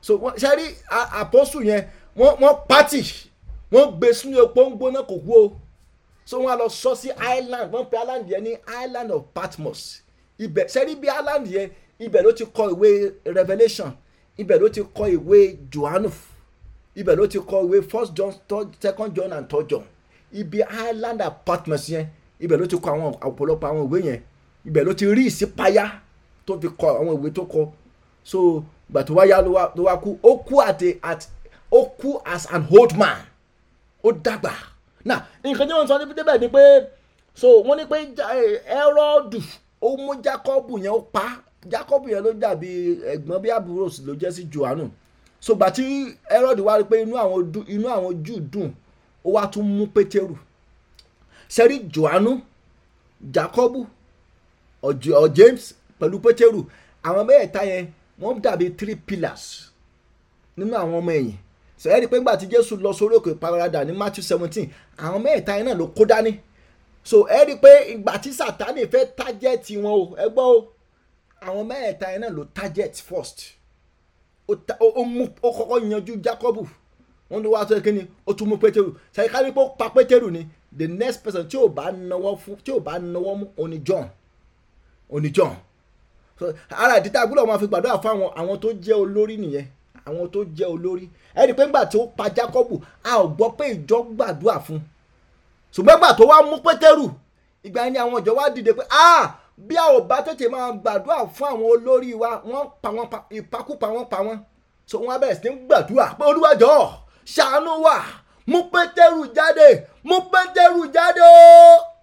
so ṣe rí àpọ́sù yẹn wọ́n pátì wọ́n gbé sínú epo ń gbóná kò kú so wọ́n á lọ sọ sí island wọ́n pe island yẹn ní island of Patmos ibẹ̀ ṣe bí island yẹn ibẹ̀ ló ti kọ ìwé Revelation ibẹ̀ ló ti kọ ìwé Jòhánù ibẹ̀ ló ti kọ ìwé first John second John and third John ibi island of Patmos yẹn ibẹ̀ ló ti kọ àwọn ọ̀pọ̀lọpọ̀ àwọn ìwé yẹn ibẹ̀ ló ti rí ìṣípayá. Si tó fi kọ àwọn ìwé tó kọ so gbà tó wá yá ló wá kú ó kú at a at ó kú as an old man ó dàgbà na nǹkan tí wọ́n sọ níbi débẹ̀ ni pé so wọ́n ní pé ẹrọ́dù eh, ó mú Jacobu, yẹn ó pa Jákọ́bù yẹn ló dàbí ẹ̀gbọ́n bí àbúrò sì ló jẹ́ sí Jòhánù so gbà tí ẹrọ́dù wá rí pé inú àwọn Júù dùn ó wá tún mú Pétérù sẹ́rí Jòhánù Jákọ́bù or James pẹ̀lú pétérù àwọn mẹ́ẹ̀ẹ́ta yẹn wọ́n dàbí three pillars nínú àwọn ọmọ ẹ̀yìn sẹ́yìn rí pé ńgbà tí jésù lọ sórí òkè paradà ní matthew seventeen àwọn mẹ́ẹ̀ẹ́ta yẹn náà ló kó dání so ẹ rí i pé ìgbà tí sátánì fẹ́ tájẹ́ẹ̀tì wọn o ẹ gbọ́ o àwọn mẹ́ẹ̀ẹ́ta yẹn náà ló target first ó mú ó kọ́kọ́ yanjú jacobu wọ́n ló wá sọ kí ni ó tún mú pétérù sẹ́yìn kárí pé ó pa pétérù ni the next person tí ò bá nawọ́ fún tí ò bá nawọ́ mú òní john òní john ara ìdí tá a gbọ́dọ̀ máa fi gbàdúrà fún àwọn àwọn tó jẹ́ olórí nìyẹn àwọn tó jẹ́ olórí ẹni pé ńgbà tí ó pa Jákọ́bù a ò gbọ́ pé ìjọ gbàdúrà fún ṣùgbọ́n ìgbà tó wá mú Pétérù ìgbà yẹn ni àwọn ìjọ wá dìde pé ah bí a ò bá tètè máa gbàdúrà fún àwọn olórí wa wọ́n pa wọ́n pa ìpakúpa wọ́n pa wọ́n so wọ́n á bẹ̀rẹ̀ sí ní gbàdúrà pé Olúwa jọ̀ọ́ ṣàánú wa mú Pétérù jáde mú Pétérù jáde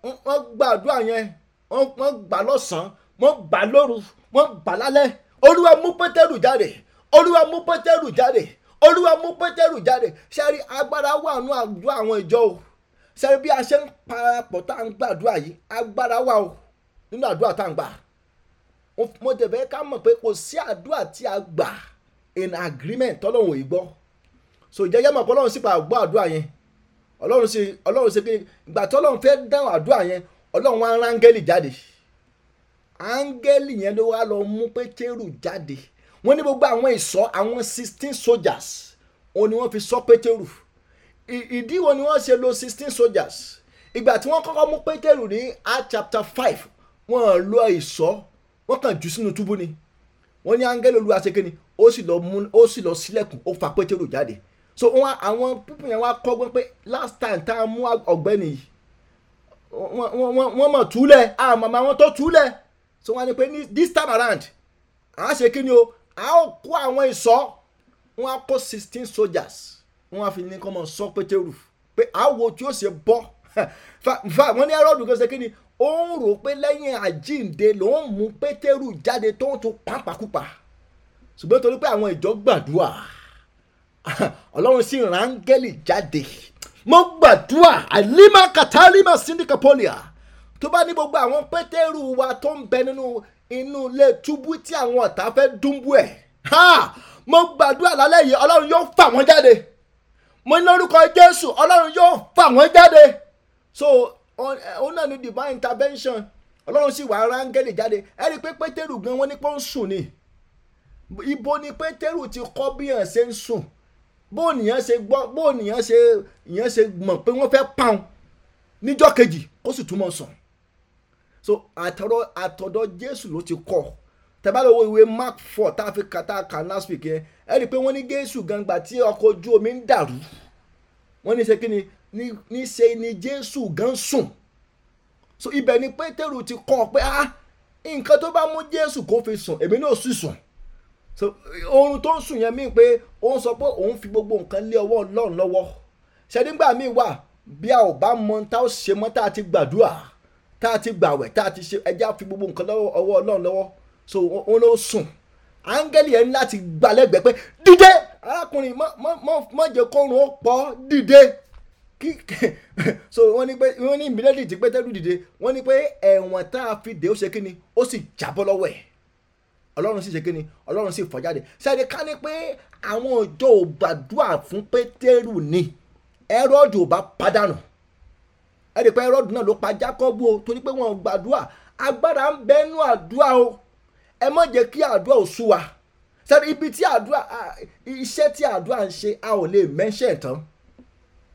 ó wọ́n gbàdúrà yẹn wọ́n gbà lọ́sàn-án wọ́n gbà lóru wọ́n bà lálẹ́ olúwa mú pétérù jáde olúwa mú pétérù jáde olúwa mú pétérù jáde sẹ́rí agbára wà nù àdúrà àwọn ìjọ o sẹ́rí bí a ṣe ń parapọ̀ tá à ń gbàdúrà yìí agbára wà o nínú àdúrà tá à ń gbà mo tẹ̀fẹ́ ká mọ̀ pé kò sí àdúrà tí a gbà in agreement tọ́lọ́hún yìí gbọ́ so ìjẹ́jẹ́ mọ̀ pé ọlọ́run sì pa àgbọ́ àdúrà yẹn ọlọ́run sì ọlọ́run sì pé ìgbà tọ́lọ́run fẹ́ dáhùn àdúrà yẹn ọlọ́run wá ń rángẹ́lì jáde áńgẹ́lì yẹn ló wá lọ mú pétérù jáde wọ́n ní gbogbo àwọn ìsọ àwọn sixteen soldiers òun ni wọ́n fi sọ pétérù ìdí wo ni wọ́n ṣe lo sixteen soldiers ìgbà tí wọ́n kọ́kọ́ mú pétérù ní act chapter five wọ́n lo ìsọ wọ́n kàn jù sínú túbú ni wọ́n ní áńgẹ́lì olúwa ṣe kíni ó sì lọ mú ó sì lọ sílẹ̀kùn ó fa pétérù jáde so wọn àwọn púpọ̀ yẹn wá kọ́gbọ́n pé last time tá a mú ọ̀gbẹ́ni yìí wọ́n mọ̀ túlẹ̀ àmàmà wọn tó túlẹ̀ so wọ́n á ní pé this time around à á ṣe kí ni o à á kó àwọn ìsọ wọ́n á kó sixteen soldiers wọ́n á fi ní kọ́mọ sọ pétérù pé à á wo tí ó ṣe bọ́ fa wọ́n ní ẹrọ́ọ̀dù kí ó ṣe kí ni ó ń rò pé lẹ́yìn àjíǹde ló ń mú pétérù jáde tó ń tún pàápàákùpà ṣùgbọ́n torí pé àwọn ìjọ gbàdúrà ọlọ́run sì rángẹ́lì jáde mo gbàdúrà àlímà kàtàlímà síndìkàpọ́lìà tó bá ní gbogbo àwọn pétérù wa tó ń bẹ nínú inú ilé túbú tí àwọn ọ̀tá fẹ́ dúnbú ẹ̀ mo gbàdúrà lálẹ́ yìí ọlọ́run yóò fà wọ́n jáde mo ní lórúkọ jésù ọlọ́run yóò fà wọ́n jáde so eh, òun náà ni divine intervention ọlọ́run sì wá rángẹ́lì jáde ẹ rí i pé pétérù gan wọn ní pé ń sùn ni ibo ni pétérù ti kọ́ bí yàn ṣe ń sùn bó nìyàn ṣe gbọ́ bó nìyàn ṣe mọ̀ pé wọ́n fẹ́ pa òun níjọ́ kejì kó sì túmọ̀ sùn so àtọ̀dọ̀ àtọ̀dọ̀ jésù ló ti kọ́ tẹ́bá lọ́wọ́ ìwé mark four tá a fi kà tá last week yẹn ẹ rí i pé wọ́n ní jésù gangba tí ọkọ̀ ojú omi ń dàrú wọ́n ní ṣe kí ni ní ṣe ni jésù gan sùn so ibẹ̀ ni pétérù ti kọ́ pé ah nǹkan tó bá mú jésù kó fi sùn èmi náà sì sùn so oorun tó ń sùn yẹn mí pé ó ń sọ pé òun fi gbogbo nǹkan lé ọwọ́ ọlọ́run lọ́wọ́ ṣẹ́dígbà míì wà bí a ò bá mọ tá a ṣe mọ́ tá a ti gbàdúrà tá a ti gbàwẹ̀ tá a ti ṣe ẹja fi gbogbo nǹkan lọ́wọ́ ọwọ́ ọlọ́run lọ́wọ́ so wọn ló sùn áńgẹ́lì yẹn láti gbalẹ́gbẹ́ pé dìde arákùnrin má jẹ́ kọ́run ó pọ̀ dìde kí so wọ́n ní pé wọ́n ní ìmílẹ́dì tí pétérù dìde wọ́n ní pé ẹ̀wọ̀n tá a fi dé ó ṣe kíni ó sì jábọ́ lọ́wọ́ ẹ̀ ọlọ́run sì ṣe kíni ọlọ́run sì fọ́ jáde ṣáde ká ní pé àwọn òjò ò gbàdúrà fún pétérù ni ẹ̀rọ òjò ò bá padànù ẹ̀rí pé Hẹ́rọ́dù náà ló pa Jákọ́bù o torí pé wọn ò gbàdúrà agbára ń bẹ́nu àdúrà o ẹ má jẹ́ kí àdúrà ò sú wa sẹ́ni ibi tí àdúrà iṣẹ́ tí àdúrà ń ṣe a ò lè mẹ́ṣẹ̀ tán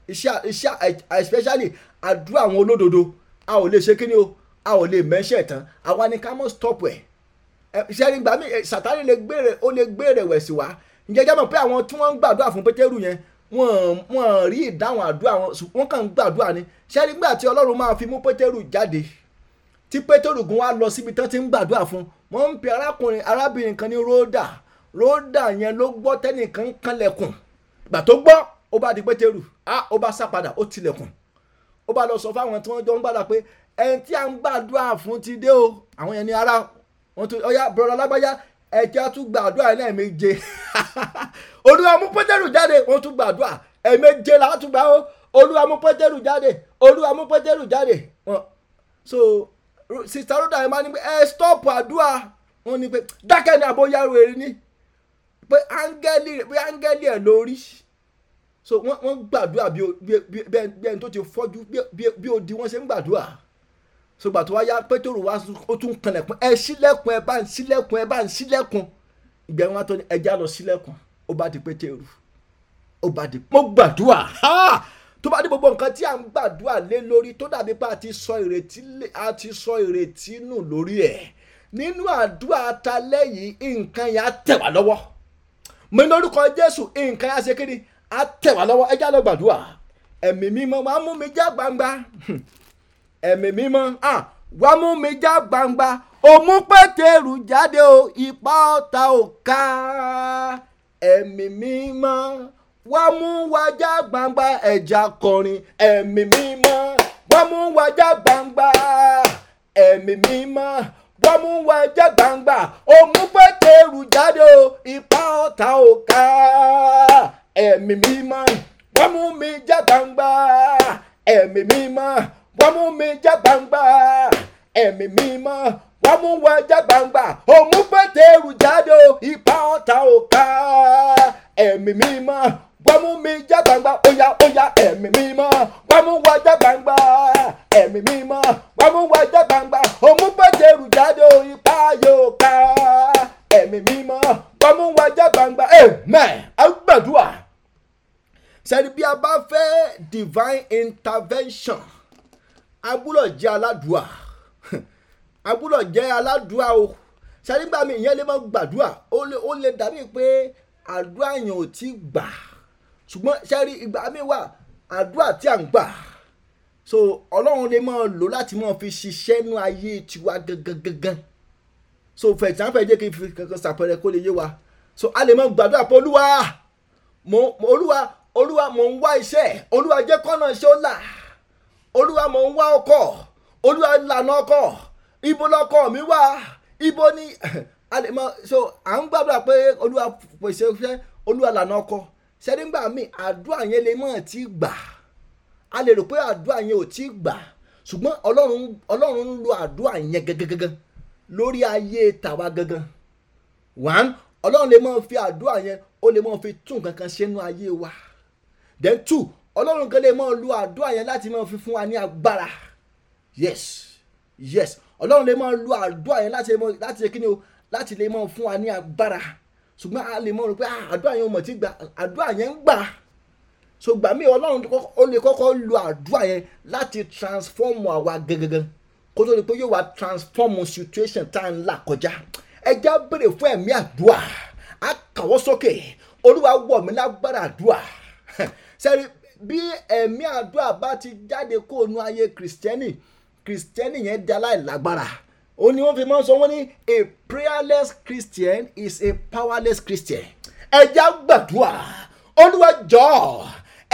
iṣẹ́ especially àdúrà àwọn olódodo a ò lè ṣe kí ni o a ò lè mẹ́ṣẹ̀ tán àwa ni ká mọ̀ stop ẹ̀ sẹ́ni gbàmí Sátánì lè gbèrè ó lè gbèrè wẹ̀ sí wa ǹjẹ́ jẹ́ mọ̀ pé àwọn tí wọ́n ń gbàdúrà fún Pétérù yẹn wọ́n rí ìdáhùn àdúrà wọn wọ́n kàn ń gbàdúrà ni ṣé nígbà tí ọlọ́run máa fi mú pétérù jáde tí pétérù gùn wá lọ síbi tán ti ń gbàdúrà fún wọ́n ń pe arákùnrin arábìnrin kan ní róódà róódà yẹn ló gbọ́ tẹ́nìkan ń kanlẹ̀kùn gbà tó gbọ́ ó bá di pétérù á ó bá sá padà ó tilẹ̀kùn ó bá lọ sọ fáwọn tí wọ́n jọ ń gbàdúrà pé ẹni tí à ń gbàdúrà fún ti dé o àwọn yẹn ní ara wọn tó ọyá bọ̀rọ̀ lágbájá ẹjẹ́ tún gbàdúrà ẹlẹ́ẹ̀méje olúwa mú pétérù jáde wọ́n tún gbàdúrà ẹ̀ẹ̀méje làá tún gbà ó olúwa mú pétérù jáde olúwa mú pétérù jáde wọn so sista roda ẹ máa ní pé ẹ stop àdúrà wọn ní pé dákẹ́ ni àbóyárò èrè ní pé áńgẹ́lì pé áńgẹ́lì ẹ̀ lórí so wọ́n gbàdúrà bí ẹni tó ti fọ́jú bí odi wọ́n ṣe ń gbàdúrà sọgbà tó wáyá pétérù wá ó tún kanlẹ̀kùn ẹ sílẹ̀kùn ẹ bá ń sílẹ̀kùn ẹ bá ń sílẹ̀kùn ìgbẹ́rún wa tó ní ẹja lọ sílẹ̀kùn ó bá di pétérù ó bá di mo gbàdúrà tó bá di gbogbo nǹkan tí à ń gbàdúrà lé lórí tó dàbí pé a ti sọ ìrètí a ti sọ ìrètí nù lórí ẹ̀ nínú àdúrà atalẹ́ yìí nǹkan yẹn á tẹ̀ wá lọ́wọ́ mi lórúkọ jésù nǹkan yẹn á ṣe kí á tẹ̀ wá lọ́wọ́ ẹja lọ gbàdúrà ẹ̀mí mímọ́ máa mú mi já gbangba ẹ̀mí mímọ́ wàá mú mi já gbangba òmú jáde o ipá ọ̀tá ò ká ẹ̀mí mímọ́ wàá mú wa já gbangba ẹ̀jà kọrin ẹ̀mí mímọ́ wàá mú wa já gbangba ẹ̀mí mímọ́ wọ́n mú wa jẹ́ gbangba òmú jáde o ipá ọ̀tá ò ká ẹ̀mí mímọ́ wọ́n mú mi jẹ́ gbangba ẹ̀mí mímọ́ wá mú mi já gbangba ẹ̀mí mímọ́ wá mú wa já gbangba òun fẹ́ tẹ̀rù jáde o ipa ọ̀tá ò ká ẹ̀mí mímọ́ wá mú mi já gbangba óyá óyá ẹ̀mí mímọ́ wá mú wa já gbangba ẹ̀mí mímọ́ wá mú wa já gbangba òun fẹ́ tẹ̀rù jáde o ipa yóò ká mi mímọ́ wá mú wa já gbangba amen agbàdúrà sẹ́ni bí a bá fẹ́ divine intervention agbúdọ̀ jẹ́ aládùá agbúdọ̀ jẹ́ aládùá o ṣàdígbà mi ìyẹn lè má gbàdúà ó lè dàbí pé àdúrà yẹn ò tí gbà ṣùgbọ́n ṣẹ́rí ìgbà mi wà àdúrà tí à ń gbà so ọlọ́run lè máa lò láti máa fi ṣiṣẹ́ nú ayé tiwa gangan gangan so fẹ̀tàn fẹ̀ jẹ́ kí n fi kankan ṣàpẹẹrẹ kó lè yé wa so a lè máa gbàdúrà pé olúwa mo olúwa olúwa mo ń wá iṣẹ́ olúwa jẹ́ kọ́nà iṣẹ́ ó là olúwa mò ń wá ọkọ olúwa lànà ọkọ ibo lọkọ mi wà ibo ni a lè mọ so à ń gbàdúrà pé olúwa pèsè fẹ́ olúwa lànà ọkọ ṣẹ́ni gbà mí àdúrà yẹn lè mọ̀ tí gbà a lè rò pé àdúrà yẹn ò tí gbà ṣùgbọ́n ọlọ́run ń lo àdúrà yẹn gangan lórí ayé tàwa gangan one ọlọ́run lè mọ̀ fi àdúrà yẹn ó lè mọ̀ fi tún kankan ṣe nú ayé wa then two ọlọ́run kan lè máa lu àdúrà yẹn láti máa fi fún wa ní agbára yes yes ọlọ́run lè máa lu àdúrà yẹn láti láti kí ni o láti lè máa fún wa ní agbára ṣùgbọ́n a lè mọ̀ rò pé ah, àdúrà yẹn ò mọ̀ tí gbà àdúrà yẹn ń gbà so gbà mí ọlọ́run ó lè kọ́kọ́ lu àdúrà yẹn láti transform àwa gẹ́gẹ́gẹ́ kó tó di pé yóò wá transform situation tá à ń là kọjá ẹjẹ́ béèrè fún ẹ̀mí àdúrà á kàwọ́ sókè olúwa wọ̀ mí lágbára àdúrà sẹ́rí bí ẹ̀mí àdúrà bá ti jáde kó o nu ayé kìrìsìtẹ́nì kìrìsìtẹ́nì yẹn di aláìlágbára ó ní wọ́n fi máa ń sọ wọ́n ní a prayerless Christian is a powerless Christian ẹja gbàdúrà olúwa jọ̀ọ́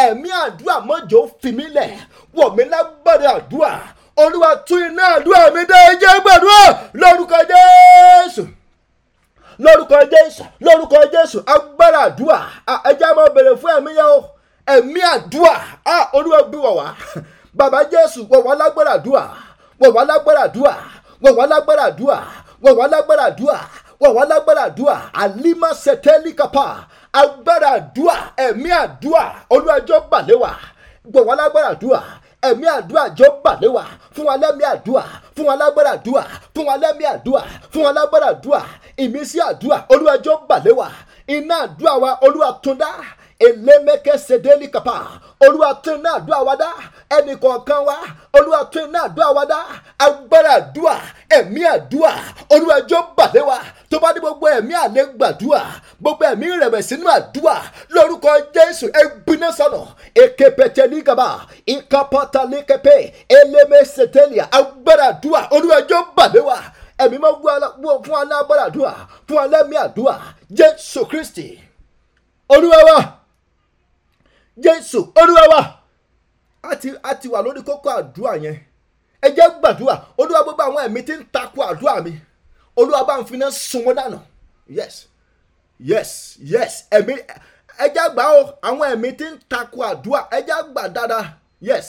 ẹ̀mí àdúrà mọ́jọ́ fi mí lẹ̀ wọ̀ mí lágbára àdúrà olúwa tún iná àdúrà mi dé ẹjẹ́ gbàdúrà lórúkọ jésù lórúkọ jésù lórúkọ jésù agbára àdúrà ẹjẹ́ máa bèrè fún ẹ̀mí yẹn o ẹ̀mí àdúà a olúwa gbé wà wá bàbá jésù wọ̀ wá lágbára àdúà wọ̀ wá lágbára àdúà wọ̀ wá lágbára àdúà wọ̀ wá lágbára àdúà wọ̀ wá lágbára àdúà àlímà sẹ̀tẹ́lì kápá agbára àdúà ẹ̀mí àdúà olúwa jọ balẹ̀ wá wọ̀ wá lágbára àdúà ẹ̀mí àdúrà jọ balẹ̀ wá fún wa lẹ́mí àdúrà fún wa lágbára àdúrà fún wa lẹ́mí àdúrà fún wa lágbára àdúrà ìmísí àdúrà olúwa jọ balẹ̀ wá iná àdúrà wa olúwa tún dá elémeke sedeli kapa olúwa tún iná àdúrà wa dá ẹnì kọ̀ọ̀kan wa olúwa tún iná àdúrà wa dá agbára àdúrà ẹ̀mí àdúrà olúwa jọ bàlẹ́ wa tó bá ní gbogbo ẹ̀mí àlẹ́ gbàdúrà gbogbo ẹ̀mí rẹ̀wẹ̀sì nínú àdúrà lórúkọ jésù ẹgbinẹ sọnà èké pẹtẹ ní gàba ìkápátá ní kẹpẹ elémẹ sedeli agbára àdúrà olúwa jọ bàlẹ́ wa ẹ̀mí máa wú fún alágbára àdúrà fún alẹ́mí àdúrà jésù kristi olúwa wa jésù olúwa wa a ti wà lórí kókó àdúrà yẹn ẹ jẹ́ gbàdúrà olúwa gbogbo àwọn ẹ̀mí tí ń takò àdúrà mi olúwa bá ń fi náà dànù yes yes yes ẹ̀mí ẹ jẹ́ gbà ó àwọn ẹ̀mí tí ń takò àdúrà ẹ jẹ́ gbà dáadáa yes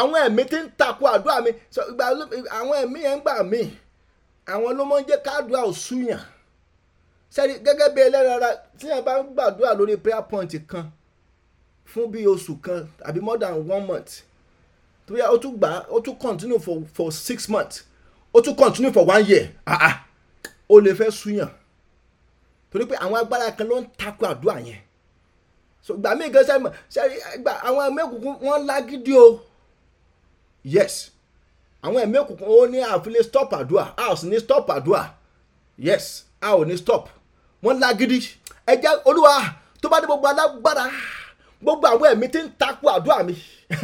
àwọn ẹ̀mí tí ń takò àdúrà mi àwọn ẹ̀mí yẹn ń gbà mí àwọn ló máa ń jẹ́ káàdùà ò súyàn sẹ́ni gẹ́gẹ́ bí ẹlẹ́rìí ara tí yẹn bá ń gbàdúrà lórí prayer point kan fún bí oṣù kan àbí more than one month tó yá ó tún gbà ó tún continue for for six months ó tún continue for one year ah ah ó lè fẹ́ súyàn torí pé àwọn agbára kan ló ń takò àdúrà yẹn so gbà mí gan sẹ́mi sẹ́mi gbà àwọn ẹ̀mí òkùnkùn wọ́n lágídí o yes àwọn ẹ̀mí òkùnkùn ó ní àfilé stop àdúrà a ò sì ní stop àdúrà yes a ò ní stop wọ́n lágídí ẹ jẹ́ olúwa tó bá dé gbogbo alágbára gbogbo àwọn ẹ̀mí tí ń takò àdúrà mi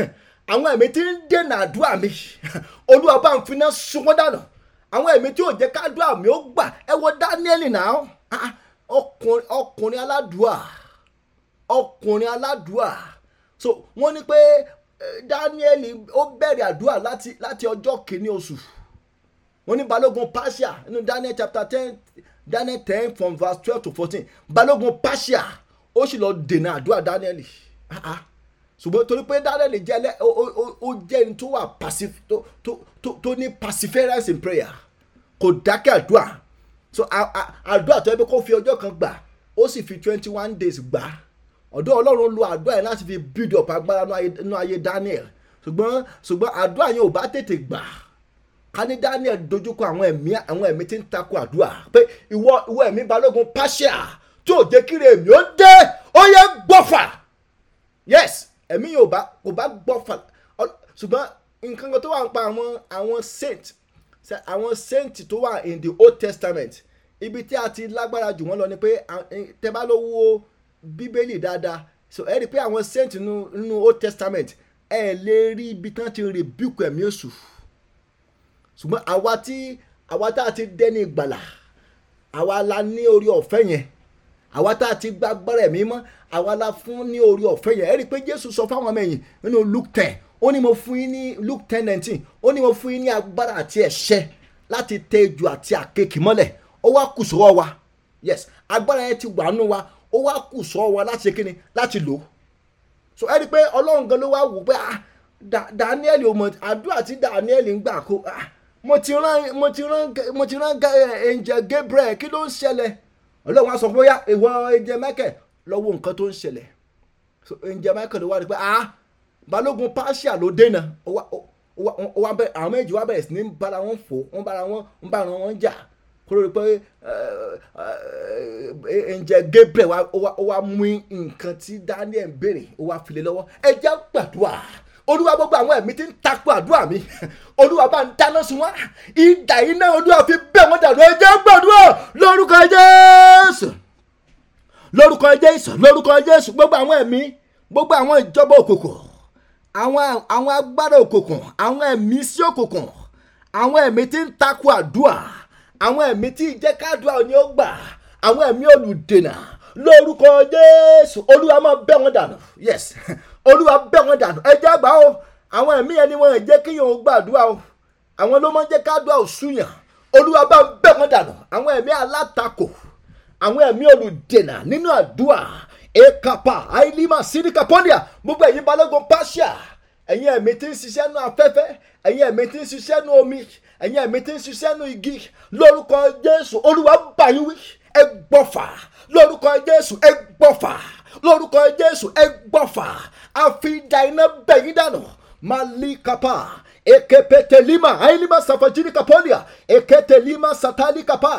àwọn ẹ̀mí tí ń dènà àdúrà mi olúwa bá ń finá sun wọ́n dànù àwọn ẹ̀mí tí ò jẹ́ ká àdúrà mi ó gbà ẹ wo Dáníẹ́lì náà ah, ah, ọkùnrin aládùúà ọkùnrin aládùúà so wọ́n ní pé Dáníẹ́lì ó bẹ̀rẹ̀ àdúrà láti láti ọjọ́ kìíní oṣù wọ́n ní balógun Páṣíà nínú Daniel chapter ten Daniel ten from verse twelve to fourteen balógun Páṣíà ó sì lọ dènà àdúrà Dáníẹ́lì. Ah, ah. ṣùgbọ́n torí pé Daniel jẹ́ ẹlẹ́ ó jẹ́ ẹni tó wà tó ní perseverance in prayer kò dákẹ́ àdúrà so àdúrà tó yẹ pé kó fi ọjọ́ kan gbà ó sì fi twenty one days gbà ọ̀dọ̀ Ọlọ́run lo àdúrà yẹn láti fi build up agbára nínú ayé Daniel ṣùgbọ́n ṣùgbọ́n àdúrà yẹn ò bá tètè gbà ká ní Daniel dojúkọ àwọn ẹ̀mí àwọn ẹ̀mí tí ń takò àdúrà pé ìwọ ìwọ ẹ̀mí balógun pàṣẹ tí ò jẹ́ kí rèémí ó dé ó yẹ gbọ́fà yes ẹ̀mí yóò bá kò bá gbọ́ ṣùgbọ́n nǹkan kan tó wà ń pa àwọn àwọn saint àwọn saint tó wà in the old testament ibi tí a ti lágbára jù wọ́n lọ ni pé tẹ́ bá lọ wo bíbélì dáadáa so ẹ rí i pé àwọn saint nínú old testament ẹ lè rí ibi tán ti rebuke ẹ̀mí èṣù ṣùgbọ́n àwa tí àwa tá a ti dẹ́ni ìgbàlà àwa la ní orí ọ̀fẹ́ yẹn àwa tá a ti gba agbára ẹ̀mí mọ́ àwa la fún ní orí ọ̀fẹ́ yẹn ẹ rí i pé Jésù sọ fáwọn ọmọ ẹ̀yìn nínú Luke ten ó ní mo fún yín ní Luke ten nineteen ó ní mo fún yín ní agbára àti ẹ̀ṣẹ́ láti tẹ ejò àti àkekèé mọ́lẹ̀ ó wá kù sọ́wọ́ wa yes agbára yẹn ti wà nù wa ó wá kù sọ́wọ́ wa láti ṣe kíni láti lò ó so ẹ rí i pé Ọlọ́run gan ló wá wò pé ah Daniel ò mọ̀ àdúrà tí Daniel ń gbà kó ah mo ti rán mo ti rán mo ti rán eh, angel Gabriel kí ló ń ṣẹlẹ̀ ọlọ́run á sọ pé ó yá ìwọ ẹ̀jẹ̀ michael lọ́wọ́ nǹkan tó ń ṣẹlẹ̀ ẹ̀jẹ̀ michael wá rí pé ah balógun pàṣẹ ló dènà àwọn méjì wá bẹ̀rẹ̀ sí ní bára wọn fò wọn bára wọn ń bára wọn jà kúrò rí pé ẹ̀jẹ̀ gabriel ó wá mú nǹkan tí daniel ń béèrè ó wá filẹ̀ lọ́wọ́ ẹ̀jẹ̀ gbàdúrà olúwa gbogbo àwọn ẹ̀mí tí ń takò àdúrà mi olúwa bá ń dáná sun wọn ìdà iná olúwa fi bẹ́ẹ̀ wọ́n dànù ẹjẹ́ gbàdúrà lórúkọ jésù lórúkọ jésù lórúkọ jésù gbogbo àwọn ẹ̀mí gbogbo àwọn ìjọba òkùnkùn àwọn àwọn agbára òkùnkùn àwọn ẹ̀mí sí òkùnkùn àwọn ẹ̀mí tí ń takò àdúrà àwọn ẹ̀mí tí ìjẹ́kádùá ni ó gbà àwọn ẹ̀mí olùdènà lórúkọ jésù olúwa máa bẹ́ wọn dànù yes olúwa bẹ́ wọn dànù ẹjẹ́ àgbà o àwọn ẹ̀mí ẹni wọn ẹ̀ jẹ́ kéèyàn ó gbàdúrà o àwọn ló máa ń jẹ́ kádùá ò súyàn olúwa bá bẹ́ wọn dànù àwọn ẹ̀mí alátakò àwọn ẹ̀mí olùdènà nínú àdúrà ekapa ailima sirika pọ́ndìà gbogbo ẹ̀yin balógun pàṣà ẹ̀yin ẹ̀mí tí ń ṣiṣẹ́ nú afẹ́fẹ́ ẹ̀yin ẹ̀mí tí ń ṣiṣẹ́ nú omi ẹ̀yin ẹ̀mí tí ń ṣiṣẹ́ nú igi lórúkọ jésù olúwa bá yín wí ẹ gbọ́fà lórúkọ jésù ẹ gbọ́fà lórúkọ jésù ẹ gbọ́fà àfidà iná bẹ̀yìn dànù malikapa ekepetelima ailima safajiri kapolia eketelima satali kapa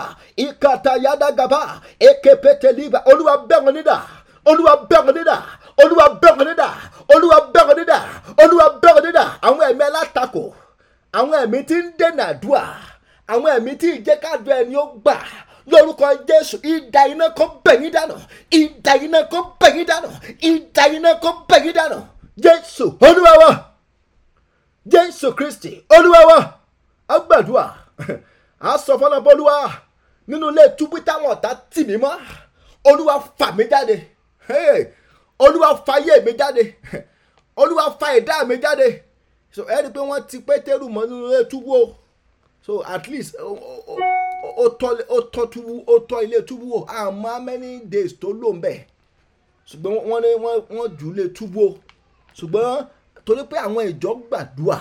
ikatayada gaba ekepeteliba olúwa bẹ̀ wọ́n nídà olúwa bẹ̀ wọ́n nídà olúwa bẹ̀ wọ́n nídà olúwa bẹ̀ wọ́n nídà olúwa bẹ̀ wọ́n nídà àwọn ẹ̀mí alátakò àwọn ẹ̀mí tí ń dènà àdúrà àwọn ẹ̀mí tí ìjẹ́kádùn ẹni ó gbà lórúkọ jésù idà iná kó bẹ̀yìn dànù idà iná kó bẹ̀yìn dànù idà iná kó bẹ̀yìn dànù jésù olúwa wa jésù kristi olúwa wa agbàdúrà a sọ fọlọ bọlúwa nínú ilé túbú táwọn ọ̀tá tì mí mọ́ olúwa fà mí jáde olúwa fa ayé mi jáde olúwa fa ẹ̀dá mi jáde so ẹ rí i pé wọ́n ti pétérù mọ́ nínú ilé túbú o so at least. Oh, oh, oh ó tọ́ túbú ó tọ́ ilé túbú wò àmọ́ many days tó lò ń bẹ̀ ṣùgbọ́n wọ́n ní wọ́n jù ú lé túbú o ṣùgbọ́n torí pé àwọn ìjọ gbàdúrà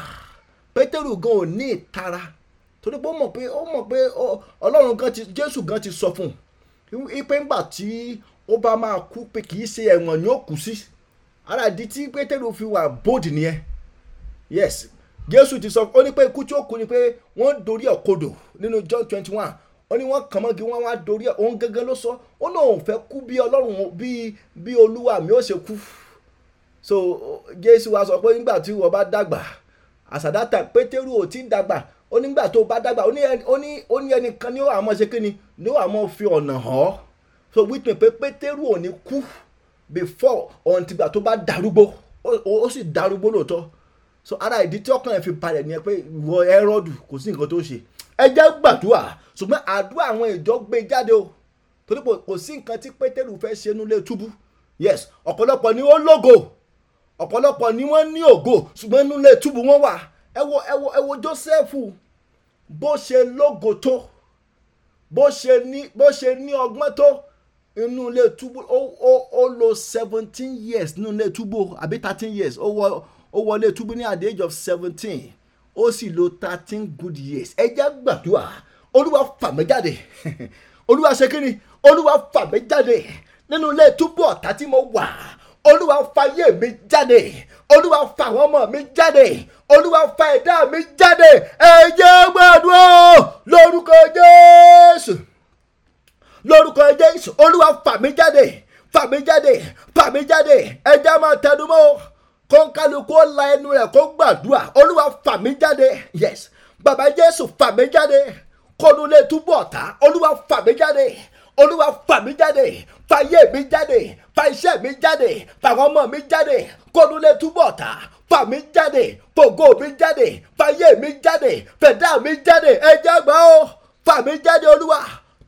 pétérù gan ò ní ìtara torí pé ó mọ̀ pé ó mọ̀ pé ọlọ́run gan ti jésù gan ti sọ fún un ipe ńgbà tí ó bá máa kú pé kì í ṣe ẹ̀wọ̀n ni ó kú sí ara ìdí tí pétérù fi wà bóòdì nìyẹn yes jésù ti sọ ó ní pé ikú tí ó kú ni pé wọ́n dorí ọ̀kodò nínú john twenty one ó ní wọ́n kàn mọ́gi wọ́n wá dorí ẹ̀ òun gẹ́gẹ́ ló sọ ó lóun fẹ́ kú bí ọlọ́run bí bí olúwa mi ó ṣe kú so jésù wa sọ pé nígbà tí wọ́n bá dàgbà àsàdátà pétérù ò tí ń dàgbà ó nígbà tó bá dàgbà ó ní ẹnìkan ni ó àmọ́ ṣe kí ni ni ó àmọ́ fi ọ̀nà hàn ọ́ so wípé pé pétérù ò ní kú before ọ̀n tìgbà tó bá darúgbó ó sì darúgbó lóòótọ́ so ara ìdí tí ọkàn ẹ̀ fi balẹ̀ ni pé ìwọ ẹrọ́dù kò sí nǹkan tó ṣe ẹ jẹ́ gbàdúrà ṣùgbọ́n àdúrà àwọn ìjọ gbé e jáde o torí kò sí nǹkan tí pétérù fẹ́ ṣe nílé túbú yes ọ̀pọ̀lọpọ̀ ni ó lógo ọ̀pọ̀lọpọ̀ ni wọ́n ní ògo ṣùgbọ́n nílé túbú wọ́n wà ẹ wo ẹ wo ẹ wo jósẹ́fù bó ṣe lógo tó bó ṣe ní bó ṣe ní ọgbọ́n tó inú ilé túbú ó ó ó lò seventeen years nínú ilé túbú àbí thirteen years ó wọ ó wọlé túbú ní at the age of seventeen ó sì lo thirteen good years ẹ já gbàdúrà olúwa fà mí jáde olúwa ṣe kí ni olúwa fà mí jáde nínú ilé túbọ̀ ọ̀tá tí mo wà olúwa fà ayé mi jáde olúwa fà àwọn ọmọ mi jáde olúwa fà ẹ̀dá mi jáde ẹ gbàdúrà lórúkọ jésù lórúkọ jésù olúwa fà mí jáde fà máa tẹnu kọ́ńkálukú ó la ẹnu rẹ̀ kó gbàdúrà olúwa fà mí jáde yes bàbá jésù fà mí jáde kọ́nulé túbọ̀ ọ̀tá olúwa fà mí jáde olúwa fà mí jáde fàyè mi jáde fà iṣẹ́ mi jáde fàwọn ọmọ mi jáde kọ́nulé túbọ̀ ọ̀tá fà mí jáde fògo mi jáde fàyè mi jáde fẹ̀dá mi jáde ẹ̀jẹ̀ gbà ó fà mí jáde olúwa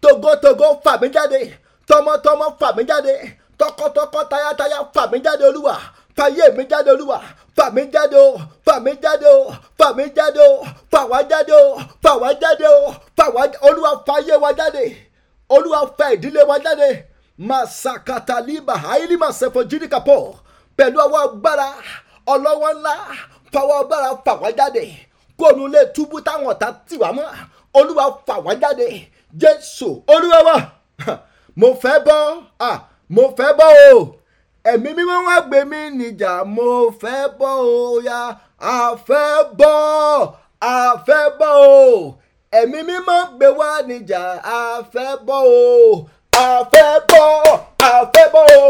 togotogo fà mí jáde tọmọtọmọ fà mí jáde tọkọtọkọ tayátayá fà mí jáde olúwa fàyè mi jáde olúwa fà mí jáde o fà mí jáde o fà mí jáde o fà wá jáde o fà wá jáde o fà wá olúwa fàyè wa jáde olúwa fà ìdílé wa jáde masakataliba hailima sefojirikapo pẹ̀lú ọwọ́ agbára ọlọ́wọ́ ńlá fàwọ́ agbára fà wá jáde kóònù lè túbú táwọn ọ̀tá tì wá mọ́ olúwa fà wá jáde jésù olúwa wa mo fẹ́ bọ́ mo fẹ́ bọ́ o ẹ̀mí mímọ́ wá gbé mi níjà mo fẹ́ bọ́ o ya a fẹ́ bọ́ a fẹ́ bọ́ o ẹ̀mí mímọ́ gbé wá níjà a fẹ́ bọ́ o a fẹ́ bọ́ a fẹ́ bọ́ o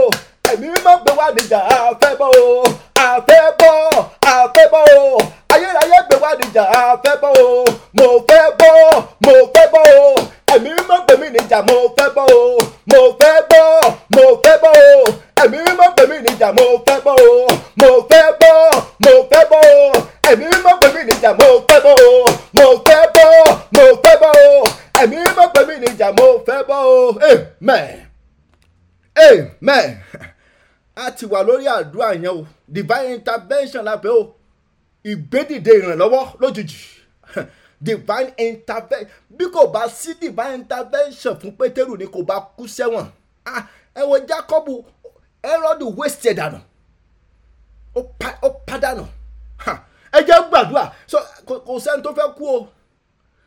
ẹ̀mí mímọ́ gbé wá níjà a fẹ́ bọ́ o a fẹ́ bọ́ a fẹ́ bọ́ o ayérayé gbé wá níjà a fẹ́ bọ́ o mo fẹ́ bọ́ mo fẹ́ bọ́ o ẹ̀mí mímọ́ gbé mi níjà mo fẹ́ bọ́ o mo fẹ́ bọ́ mo fẹ́ bọ́ o ẹ̀mí mímọ́ pè níjà mo fẹ́ bọ́ o mo fẹ́ bọ́ mo fẹ́ bọ́ o ẹ̀mí mímọ́ pè níjà mo fẹ́ bọ́ o mo fẹ́ bọ́ mo fẹ́ bọ́ o ẹ̀mí mímọ́ pè níjà mo fẹ́ bọ́ o amen amen a ti wà lórí àdúrà yẹn o divine intervention la fẹ́ o ìgbédìde ìrànlọ́wọ́ lójijì divine intervention bí kò bá sí divine intervention fún pétérù ni kò bá kú sẹ́wọ̀n ah, ẹ wo jákọ́bù Herod wasted dànù ó pàdánù ẹ jẹ́ gbàdúrà so kò sẹ́ni tó fẹ́ kú o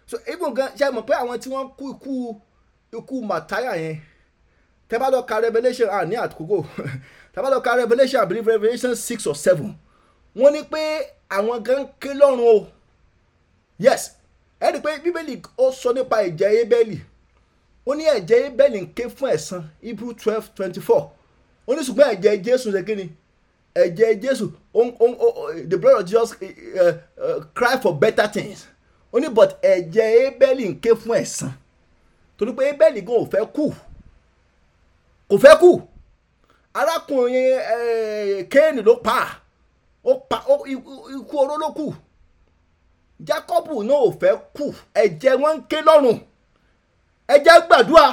so even gan ṣe mọ̀ pé àwọn tí wọ́n kú ikú ikú màtáyà yẹn tẹ́ bá lọ ka Revelation ah ní àkókò tẹ́ bá lọ Revelation I believe Revelation six or seven wọ́n ní pé àwọn gan ké lọ́rùn o yes ẹ rí i pé bíbélì ó sọ nípa ìjẹ ebẹ́lì ó ní ẹ̀jẹ̀ ebẹ́lì ń ké fún ẹ̀san Hebrew twelve twenty four ó ní ṣùgbọ́n ẹ̀jẹ̀ jésù ṣe kí ni ẹ̀jẹ̀ jésù the blood of Jesus uh, uh, cry for better things ó ní but ẹ̀jẹ̀ abeli ń ké fún ẹ̀san torí pé abeli gan ò fẹ́ kú kò fẹ́ kú arákùnrin kéènì eh, ló pa ó pa ikú oró ló kù Jákọ́bù náà ò fẹ́ kú ẹ̀jẹ̀ wọn ń ké lọ́rùn ẹ̀jẹ̀ gbàdúrà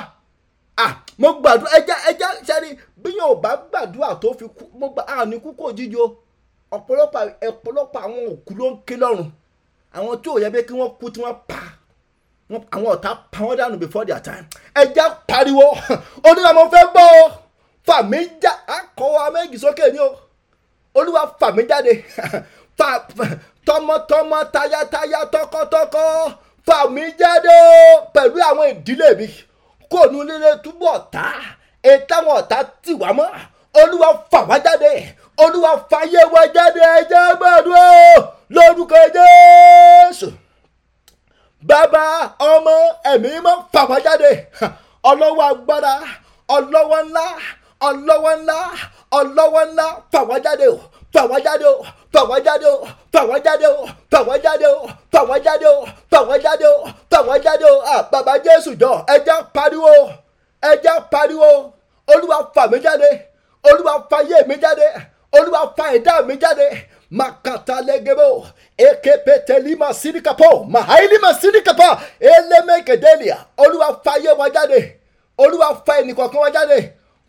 ah mo gbàdúrà ẹja ẹja sẹ́ni bí yóò bá gbàdúrà tó fi kú mo gbà á ní kúkú òjijì o ọ̀pọ̀lọpọ̀ ọ̀pọ̀lọpọ̀ àwọn òkú ló ń ké lọ́rùn àwọn tí ò yẹ pé kí wọ́n kú tí wọ́n pa àwọn ọ̀tá pa wọ́n dànù before their time ẹja pariwo olúwa mo fẹ́ gbọ́ o fà mí já akọ̀wá méjì sókè ni o olúwa fà mí jáde fà tọmọtọmọ tayátayá tọkọtọkọ fà mí jáde o pẹ̀lú àwọn ìdílé mi kóònù líle túbọ̀ tá ètàwọn ọ̀tá tì wá mọ́ olúwa fà wá jáde olúwa fàyè wá jáde ẹjẹ gbàdúrà lórúkọ jésù bàbá ọmọ ẹ̀mí mọ́ fà wá jáde ọlọ́wọ́ agbára ọlọ́wọ́ ńlá ọlọ́wọ́ ńlá ọlọ́wọ́ ńlá fà wá jáde o tọ̀ wọ́n jáde o tọ̀ wọ́n jáde o tọ̀ wọ́n jáde o tọ̀ wọ́n jáde o tọ̀ wọ́n jáde o tọ̀ wọ́n jáde o tọ̀ wọ́n jáde o à bàbá jésù jọ ẹja pariwo ẹja pariwo olúwa fà mí jáde olúwa fà yé mi jáde olúwa fà ẹ̀dá mi jáde makata legebo ekepeteli sinikapo mahaili masinikapa elemekedelia olúwa fà yé wọn jáde olúwa fà ẹnìkọ̀ọ̀kan wọn jáde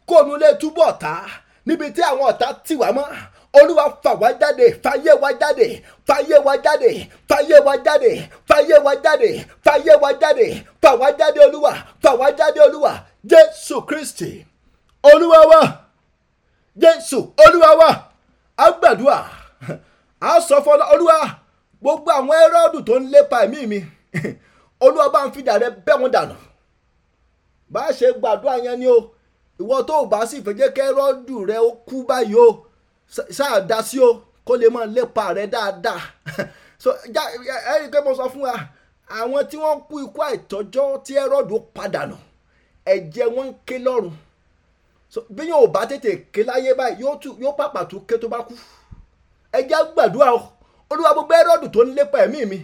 kóònù lè túbọ̀ ta níbi tí àwọn ọ̀tá tì mọ́ olúwa fà wá jáde fàyè wá jáde fàyè wá jáde fàyè wá jáde fàyè wá jáde fàyè wá jáde fà wá jáde olúwa fà wá jáde olúwa jésù kristi olúwa wa jésù olúwa wa a gbàdúrà a sọ fọlá olúwa gbogbo àwọn ẹrọ́ọ̀dù tó ń lépa ẹ̀mí mi olúwa bá ń fìdá rẹ bẹ́ wọn dànù bá a ṣe gbàdúrà yẹn ni o ìwọ tó o bá sì fẹ́ jẹ́ rẹ ó kú báyìí o ṣáà dá sí o kó lè máa lépa rẹ dáadáa so ẹ rí i pé mo sọ fún wa àwọn tí wọ́n kú ikú àìtọ́jọ́ tí ẹrọ́dù padà nù ẹ̀jẹ̀ wọn ń ké lọ́rùn bí yóò bá tètè ké láyé báyìí yóò pàpà tún ké tó bá kú ẹ̀jẹ̀ gbàdúrà o olúwa gbogbo ẹrọ́dù tó ń lépa ẹ̀mí mi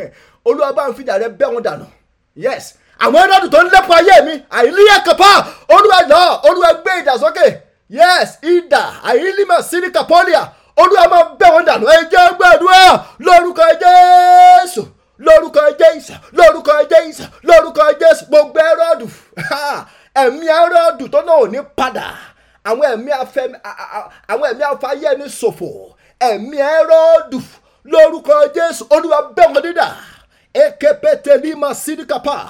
olúwa bá ń fìdá rẹ bẹ́ wọn dànù yes àwọn ẹrọ́dù tó ń lépa ayé mi àìníyàn kẹfà olúwa lọ olúwa gbé ìdàsókè yes ida àìlímọ̀ síríkà pọ́líà olúwa máa bẹ̀ wọ́n dànù ẹ jẹ́ gbàdúrà lórúkọ jésù lórúkọ jésù lórúkọ jésù lórúkọ jésù gbogbo ẹrọ́dù ẹ̀mí ẹrọ́dù tó náà ò ní padà àwọn ẹ̀mí afẹ́ àwọn ẹ̀mí afáyẹ́ni ṣòfò ẹ̀mí ẹrọ́dù lórúkọ jésù olúwa bẹ̀ wọ́n dídà ekepete lima síríkà pàà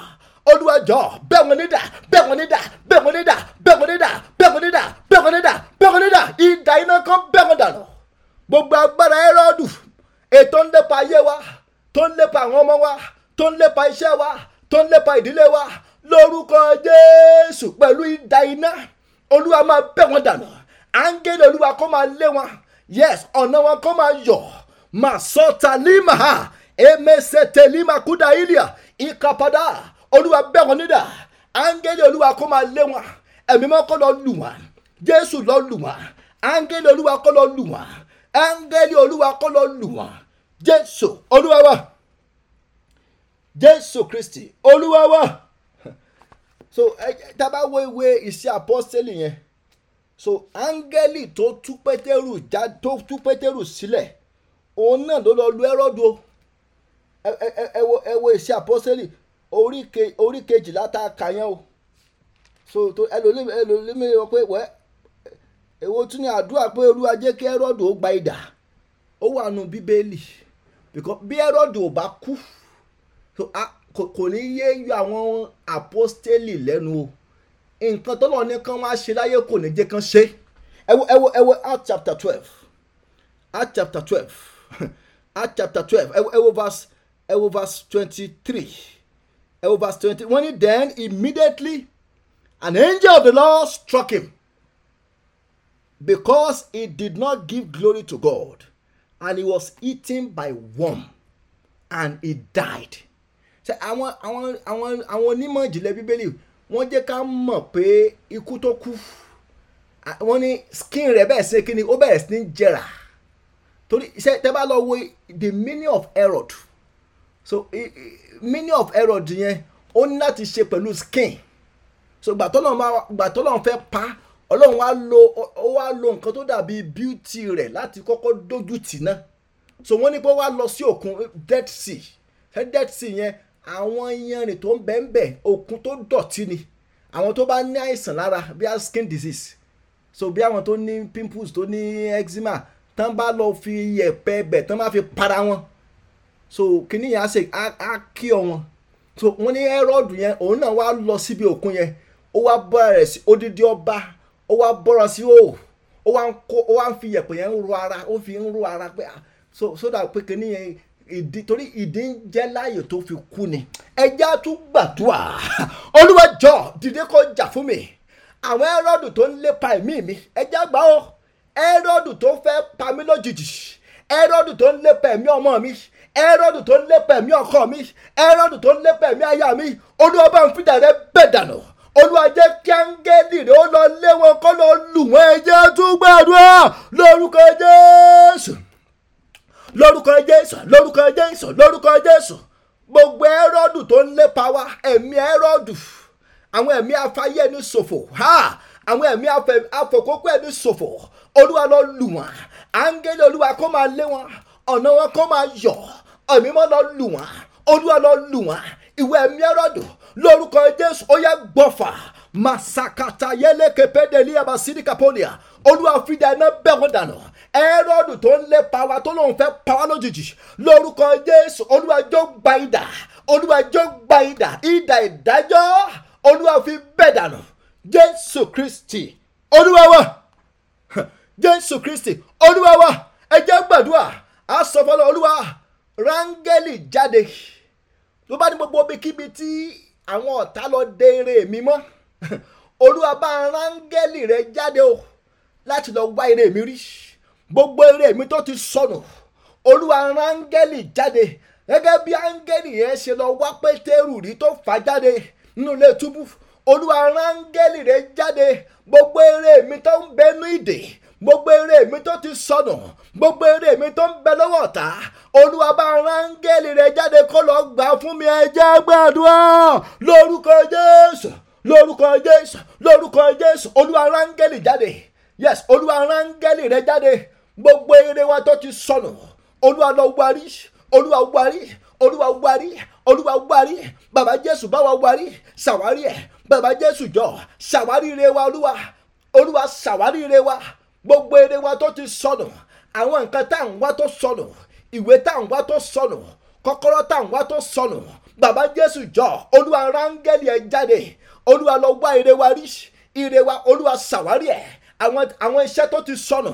olúwàjọ́ bẹ́ẹ̀ wọn nídà bẹ́ẹ̀ wọn nídà bẹ́ẹ̀ wọn nídà bẹ́ẹ̀ wọn nídà bẹ́ẹ̀ wọn nídà bẹ́ẹ̀ wọn nídà bẹ́ẹ̀ wọn nídà ìdá iná kan bẹ́ẹ̀ wọn dànù gbogbo agbára ẹrọ́ọ̀dù ètò ń lépa ayé wa tó ń lépa àwọn ọmọ wa tó ń lépa iṣẹ́ wa tó ń lépa ìdílé wa lórúkọ jésù pẹ̀lú ìdá iná olúwa máa bẹ́ẹ̀ wọn dànù áńgẹ́lì olúwa kó máa lé wọn yes ọ̀nà wọn kó máa yọ̀ màsọ̀tàlímà ha emesetelima kuda ilia ikapada olúwa bẹ́ wọn nídà áńgẹ́lì olúwa kó máa lé wọn ẹ̀mí mọ́ kó lọ lù wọn jésù lọ lù wọn áńgẹ́lì olúwa kó lọ lù wọn áńgẹ́lì olúwa kó lọ lù wọn jésù olúwa wa jésù kristi olúwa wa so tá a bá wo ìwé iṣẹ́ apọ́sẹ́lì yẹn so áńgẹ́lì tó tú pétérù já tó tú pétérù sílẹ̀ òun náà ló lọ lu ẹ́rọ́dù o ẹ wo iṣẹ́ apọ́sẹ́lì orí kejìlá tá a kà yẹn o so tó ẹlòmíì wọ pé wẹ́ èwo tún ní àdúrà pé olúwa jẹ́ kí ẹrọ́dù ó gba idà ó wà nù bíbélì bí ẹrọ́dù ò bá kú kò ní yé yọ àwọn àpọ́stélì lẹ́nu o nǹkan tọ́lọ̀ ní kán wá ṣe láyé kò ní jẹ́ kán ṣe ẹ wo ẹ wo ẹ wo Acts chapter twelve Acts chapter twelve Acts chapter twelve ẹ wo verse ẹ wo verse twenty-three ẹwọ eh, oh, verse twenty When he then immediately an angel of the Lord struck him because he did not give glory to God and he was eaten by worm and he died. ṣe àwọn àwọn àwọn àwọn onímọ̀ ìjìnlẹ̀ bíbélì wọ́n jẹ́ ká mọ̀ pé ikú tó kú wọ́n ní skin rẹ̀ bẹ́ẹ̀ ṣe kí ni ó bẹ̀rẹ̀ sí ní jẹrà torí ṣe tẹ́ bá lọ wo the meaning of Herod so many of Herod yẹn ó ní láti ṣe pẹ̀lú skin so gbà tọ́lọ́run fẹ́ pa ọlọ́run wá lo ó wá lo nǹkan tó dàbí beauty rẹ̀ láti kọ́kọ́ dójú tì náà so wọ́n ní pé ó wá lọ sí òkun dead sea ẹ dead sea yẹn àwọn iyanrìn tó ń bẹ ń bẹ òkun tó dọ̀tí ni àwọn tó bá ní àìsàn lára bí i skin disease so bí àwọn tó ní pimples tó ní eczema tán bá lọ fi yẹ̀pẹ̀ bẹ̀ tán bá fi para wọn so kíní yẹn a ṣe a kí ọ so wọn ní Herod yẹn òun náà wá lọ síbi òkun yẹn ó wá bọ́ra rẹ̀ sí odidi ọba ó wá bọ́ra sí o ó wá ń kó ó wá ń fi yẹ̀pẹ̀ yẹn ń ro ara ó fi ń ro ara pé ah, so so dà pé kíní yẹn ìdí torí ìdí ń jẹ́ láàyè tó fi kú ni ẹjẹ́ á tún gbàdúrà olúwa jọ dìde kó jà fún mi àwọn Hẹ́rọ́dù tó ń lépa ẹ̀mí mi ẹjẹ́ àgbà o Hẹ́rọ́dù tó fẹ́ pa mí lójijì Hẹ́rọ́dù tó ń lépa ẹ̀mí ọmọ mi ẹrọdù tó ń lépa ẹ̀mí ọkọ mi ẹrọdù tó ń lépa ẹ̀mí aya mi olúwa bá ń fìdá rẹ bẹ́ẹ̀ dànù olúwa jẹ́ kí áńgẹ́lì rẹ ó lọ lé wọn kó lọ lù wọ́n ẹ jẹ́ tún gbàdúrà lórúkọ jésù lórúkọ jésù lórúkọ jésù lórúkọ jésù gbogbo ẹrọdù tó ń lépa wa ẹ̀mí ẹrọdù àwọn ẹ̀mí afáyé ẹni ṣòfò ha àwọn ẹ̀mí afọ̀kókó ẹni ṣòfò olúwa lọ lù wọ́n áńgẹ́lì olúwa kó máa lé wọn ọ̀nà wọn kó máa yọ̀ ẹ̀mí mọ́ lọ lù wọ́n olúwa lọ lù wọ́n ìwé ẹ̀mí ẹ̀rọ̀dọ̀ lórúkọ jésù ó yẹ gbọ́fà masakata yẹlẹkẹ pẹdẹlí abasiri kapolia olúwa fìdá iná bẹ́ wọn dànù ẹ̀rọ̀dù tó ń lé pawa tó lóun fẹ́ pawa lójijì lórúkọ jésù olúwa jó gba ìdà olúwa jó gba ìdà ìdà ìdájọ́ olúwa fi bẹ́ dànù jésù kristi olúwa wa jésù kristi olúwa wa ẹ jẹ́ gbàdúrà á olúwa. Rangeli jáde ló bá ní gbogbo ibikíbi tí àwọn ọ̀tá lọ dé ire mi mọ́ olúwa bá rángẹ́lì rẹ jáde o láti lọ wá ire mi rí gbogbo ire mi tó ti sọnù olúwa rángẹ́lì jáde gẹ́gẹ́ bí áńgẹ́lì yẹn ṣe lọ wá pétérù rí tó fà jáde nínú ilé túbú olúwa rángẹ́lì rẹ jáde gbogbo ire mi tó ń bẹnu ìdè gbogbo eré mi tó ti sọnù gbogbo eré mi tó ń bẹ lọ́wọ́ ọ̀tá olúwa bá rángẹ́lì rẹ jáde kó lọ gbà fún mi ẹ jẹ́ gbàdúrà lórúkọ jésù lórúkọ jésù lórúkọ jésù olúwa rángẹ́lì jáde yes olúwa rángẹ́lì rẹ jáde gbogbo eré wa tó ti sọnù olúwa lọ wárí olúwa wárí olúwa wárí olúwa wárí bàbá jésù bá wa wárí ṣàwárí ẹ bàbá jésù jọ ṣàwárí ire wa olúwa olúwa ṣàwárí ire wa gbogbo eré wa tó ti sọnù àwọn nǹkan tá à ń wá tó sọnù ìwé tá à ń wá tó sọnù kọ́kọ́rọ́ tá à ń wá tó sọnù bàbá jésù jọ olúwa rángẹ́lì ẹ̀ jáde olúwa lọ wá eré wa rí eré wa olúwa ṣàwárí ẹ̀ àwọn iṣẹ́ tó ti sọnù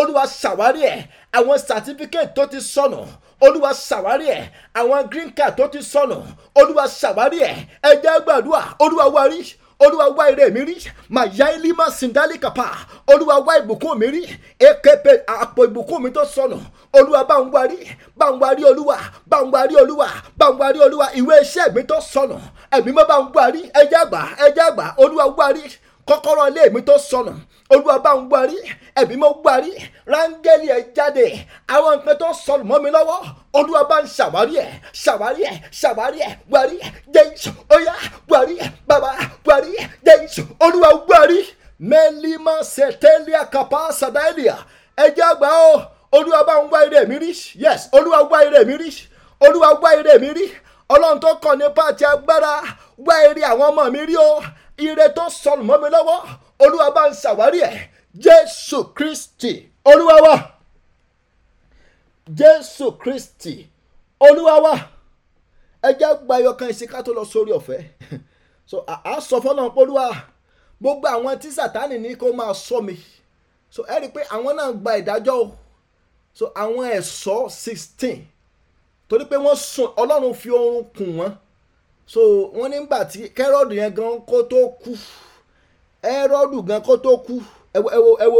olúwa ṣàwárí ẹ̀ àwọn certificate tó ti sọnù olúwa ṣàwárí ẹ̀ àwọn green card tó ti sọnù olúwa ṣàwárí ẹ̀ ẹ jẹ́ gbàdúrà olúwa wá rí olúwa wá ire mi rí mà yá ilima sindali kapa olúwa wá ìbùkún mi rí ekepe àpò ìbùkún mi tó sọnù olúwa bá ń wárí bá ń wárí olúwa bá ń wárí olúwa bá ń wárí olúwa ìwé iṣẹ́ mi tó sọnù ẹ̀mí mọ́ bá ń wárí ẹjẹ́ àgbà ẹjẹ́ àgbà olúwa wárí kọ́kọ́rọ́ ilé mi tó sọnù olúwa bá ń gbárí ẹ̀mí mọ́ gbárí rángẹ́lì ẹ̀ jáde àwọn nǹkan tó sọnù mọ́ mi lọ́wọ́ olúwa bá ń ṣàwárí ẹ̀ ṣàwárí ẹ̀ ṣàwárí ẹ̀ gbárí jẹ́yìí ọ̀yá gbárí bàbá gbárí jẹ́yìí olúwa gbárí mẹ́límọ́ sẹ̀tẹ́líà kàpá sàdáìlìà ẹjẹ́ àgbà ó olúwa bá ń wá ire mi rí yes olúwa wá ire mi rí olúwa wá ire mi rí ọlọ́run tó kàn nípa ti agbára wá ire àwọn ọmọ mi rí o ire tó sọnù mọ́ mi lọ́wọ́ olúwa bá ń ṣàwárí ẹ̀ jésù kristi olúwa wa jésù kristi olúwa wa ẹ gba ẹyọkan ìsìn ká tó lọ sórí ọ̀fẹ́ so a sọ fọlọ́n polúwa gbogbo àwọn tí sàtánì ní kó máa sọ mi so ẹ rí i pé àwọn náà gba ìdájọ́ o so àwọn ẹ̀ṣọ́ sixteen torí pé wọ́n sùn ọlọ́run fi oorun kùn wọ́n so wọ́n nígbà tí kẹ́rọ́ọ̀dù yẹn gan kó tó kú ẹrọ́ọ̀dù gan kó tó kú ẹ wo ẹ wo ẹ wo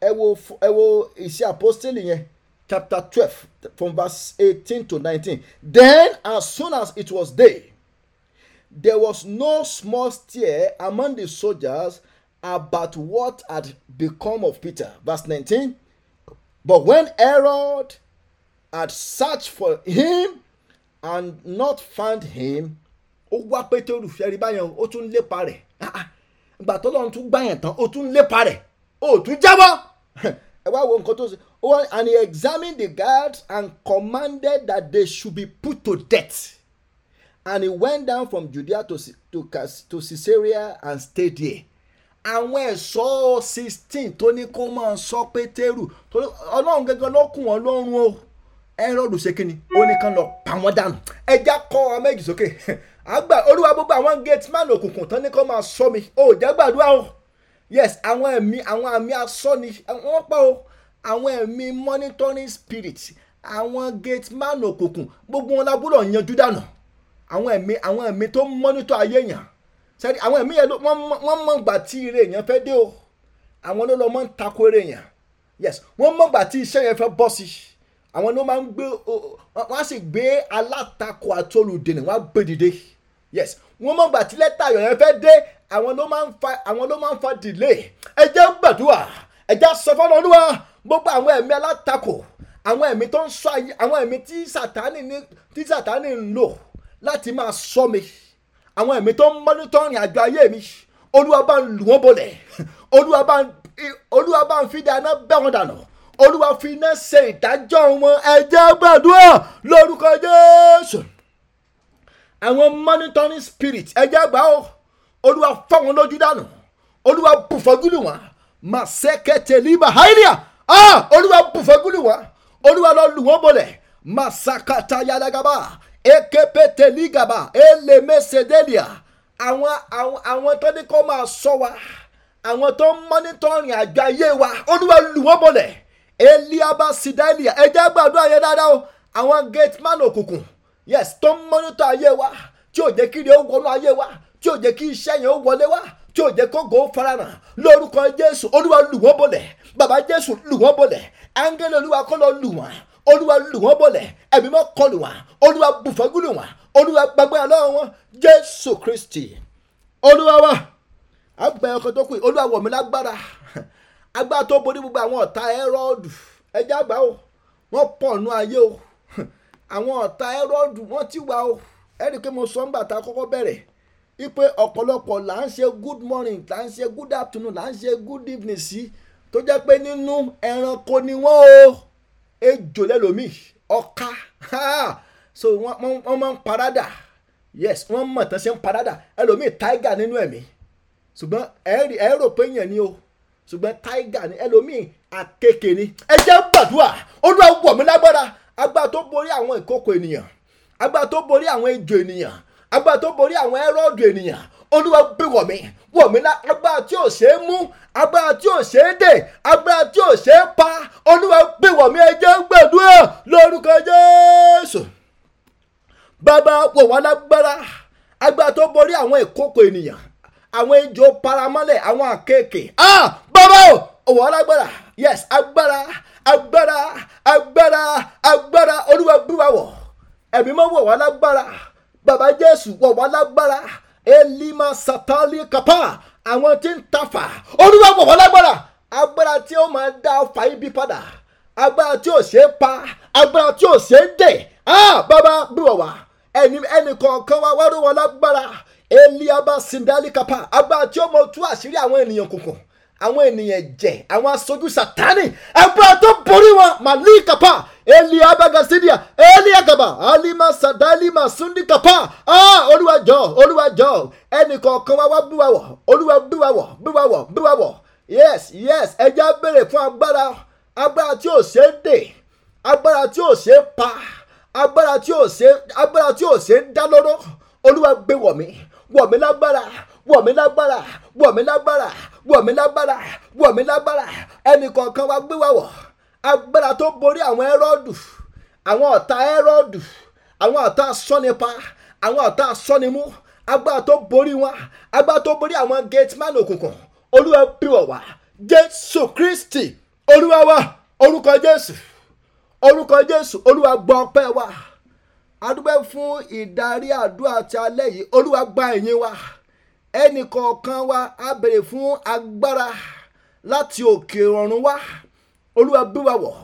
ẹ wo ẹ wo ìṣe àpọ́stélì yẹn chapter twelve from verse eighteen to nineteen then as soon as it was day there was no small stir among the soldiers about what had become of Peter verse nineteen but when Herod had searched for him and not found him. ó wá pétérù fẹ́rí báyẹn ó tún lépa rẹ̀ ah, ah. ìgbà tó lọ́run tún gbàyàn tán ó tún lépa rẹ̀ ó tún jábọ́ ẹ wá wo nǹkan tó ṣe and he examined the guards and commanded that they should be put to death and he went down from Judea to, to, to Caesarea and stayed there àwọn ẹ̀ṣọ́ sixteen tó ní kó máa sọ pétérù ọlọ́run gẹ́gẹ́ ló kù wọ́n o ẹrọọdù ṣe kínni ó ní kán lọ pa wọn dànù ẹja kọ ọ méjì sókè àgbà olúwa gbogbo àwọn gate man òkùnkùn tán ní kó máa sọ mi ò jẹ́ gbàdúrà o yes àwọn ẹ̀mí àwọn àmì asọ́ni wọ́n pọ̀ o àwọn ẹ̀mí monitoring spirit àwọn gate man òkùnkùn gbogbo wọn lábúrò yanjú dànù àwọn ẹ̀mí àwọn ẹ̀mí tó ń monitor ayé yàn sẹ́ni àwọn ẹ̀mí yẹn wọ́n mọ̀ gbà tí ire yẹn fẹ́ dé o àwọn ló lọ́ mọ́ ń takò ire yẹn yes wọ́n mọ̀ gbà tí iṣẹ́ yẹn fẹ́ bọ́ sí i àwọn ni wọ́n máa ń gbé wọ́n á sì gbé alátakò àti olùdènà wọ́n á gbé dìde yes wọ́n mọ̀ gbà tí lẹ́tà ayọ̀ yẹn fẹ́ dé àwọn ló máa ń fa àwọn ló máa ń fa delay ẹ jẹ́ gbàdúrà ẹ jẹ́ sọ fọ́nà olúwa gbogbo àwọn ẹ̀mí alátakò àwọn ẹ̀mí tó ń sọ ayé àwọn ẹ̀mí tí sàtánì ní tí sàtánì ń lò láti máa sọ mi àwọn ẹ̀mí tó ń mọ́nítọ́rìn àjọ ayé mi olúwa bá ń lù wọ́n bolẹ̀ olúwa bá ń fi dáná bẹ́ wọn dànù olúwa fi iná ṣe ìdájọ́ wọn ẹ jẹ́ gbàdúrà lórúkọ jésù àwọn monitoring spirit ẹ jẹ́ gbà ó olúwa fọ́ wọn lójú dànù olúwa bùfọ́gùlù wọn màsẹ́kẹ̀tẹ̀ líbà hailia ah olúwa bùfọ́gùlù wọn olúwa lọ lù wọ́n bọ̀lẹ̀ màsàkàtà yàdàgàbà ekepete ligaba elemesedelia àwọn àwọn àwọn tó ní kó máa sọ wa àwọn tó ń mọ́nítọ́rìn àjọ ayé wa olúwa lù wọ́n bọ̀lẹ̀ eliaba sidalia ẹ jẹ́ gbàdúrà yẹn dáadáa o àwọn gateman òkùnkùn yes tó ń mọ́nítọ̀ ayé wa tí ò jẹ́ kí ire ó wọnú ayé wa tí ò jẹ́ kí iṣẹ́ yẹn ó wọlé wa tí ò jẹ́ kógo farahàn lórúkọ jésù olúwa lù wọ́n bọ̀lẹ̀ bàbá jésù lù wọ́n bọ̀lẹ̀ áńgẹ́lì olúwa kọ́ lọ lù wọ́n olúwa lù wọ́n bọ̀lẹ̀ ẹ̀mí mọ́ kọlù wọ́n olúwa bùfọ́gùlù wọ́n olúwa gbàgbọ́n lọ́wọ́ wọn jésù kristi olúwa wa àgbẹ̀ ọkọ̀ tó kù olúwa wọ̀ lágbára agbára tó borí gbogbo àwọn ọ̀tá Hẹ́rọ́ọ̀dù ẹjẹ́ àgbà o wọ́n pọ̀nù ayé o àwọn ọ̀tá Hẹ́rọ́ọ̀dù wọ́n ti wà o ẹ̀rí pé mo sọ ń bàtà kọ́kọ́ bẹ̀rẹ̀ wípé ọ̀pọ̀lọpọ̀ là ń ṣe good morning là ń ṣe good afternoon là ń ṣe good evening sí tó jẹ́ pé nínú ẹranko ni wọ́n o ejò lẹ́lòmíì ọ̀ka so wọ́n máa ń parada. yes wọ́n mọ̀ tán ṣe ń parada. ẹlòmíì tiger nínú ẹ̀mí ṣùgbọ́n ẹ rò pé yẹn ni o ṣùgbọ́n tiger ni ẹlòmíì àkekè ni ẹ jẹ́ gbàdúrà olúwa wọ̀ mí lágbára agbára tó borí àwọn ìkókò ènìyàn agbára tó borí àwọn ejò ènìyàn agbára tó borí àwọn ẹrọ́ọ̀dù ènìyàn olúwa bí wọ̀ mí wọ̀ mí lágbára tí ò ṣeé mú agbára tí ò ṣeé dè agbára tí ò ṣeé pa olúwa bí wọ̀ mí ẹ jẹ́ gbàdúrà lórúkọ jésù bàbá wọ̀ wá lágbára agbára tó borí àwọn ìkókò ènìyàn àwọn ejò paramọ́lẹ̀ àwọn àkekè ah bàbá o òwò alágbára yes agbára agbára agbára agbára olúwa búra wọ̀ ẹ̀mí mọ́ wọ̀ wá lágbára bàbá jésù wọ̀ wá lágbára elima satali kapa àwọn tí ń tafà olúwa wọ̀ wá lágbára agbára tí ó máa dá ọfà ibi padà agbára tí ò ṣe é pa agbára tí ò ṣe é dè ah bàbá búra wá ẹnì ẹnì kọ̀ọ̀kan wa wá ló eliaba sindalikapa agbára tí ó mọ tú àṣírí àwọn ènìyàn kùnkùn àwọn ènìyàn jẹ àwọn aṣojú sátánì agbára tó borí wọn malikapa eliaba gasidia eliagaba alima sadalima sundikapa ah olúwàjọ olúwàjọ ẹnìkọ̀ọ̀kan wa wá búwa wọ̀ oluwa buwa wọ̀ buwa wọ̀ búwa wọ̀ yes yes ẹja bere fún agbára agbára tí ò ṣeé dè agbára tí ò ṣeé pa agbára tí ò ṣeé agbára tí ò ṣeé dá lóró olúwa gbé wọ̀ mí wọ̀ mí lágbára wọ̀ mí lágbára wọ̀ mí lágbára wọ̀ mí lágbára wọ̀ mí lágbára ẹnìkọ̀ọ̀kan wa gbé wa wọ̀ agbára tó borí àwọn ẹrọ́ọ̀dù àwọn ọ̀tá ẹrọ́ọ̀dù àwọn ọ̀tá sọ́nipa àwọn ọ̀tá sọ́nimú agbára tó borí wọn agbára tó borí àwọn gateman òkùnkùn olúwa bí wọ̀ wá jésù kristi olúwa wa orúkọ jésù orúkọ jésù olúwa gbọ́ ọpẹ́ wa adúpẹ́ fún ìdarí àdúrà ti alẹ́ yìí olúwa gba ẹ̀yìn wa ẹnì kọ̀ọ̀kan wa a bèrè fún agbára láti òkè ọ̀run wa olúwa bí wa wọ̀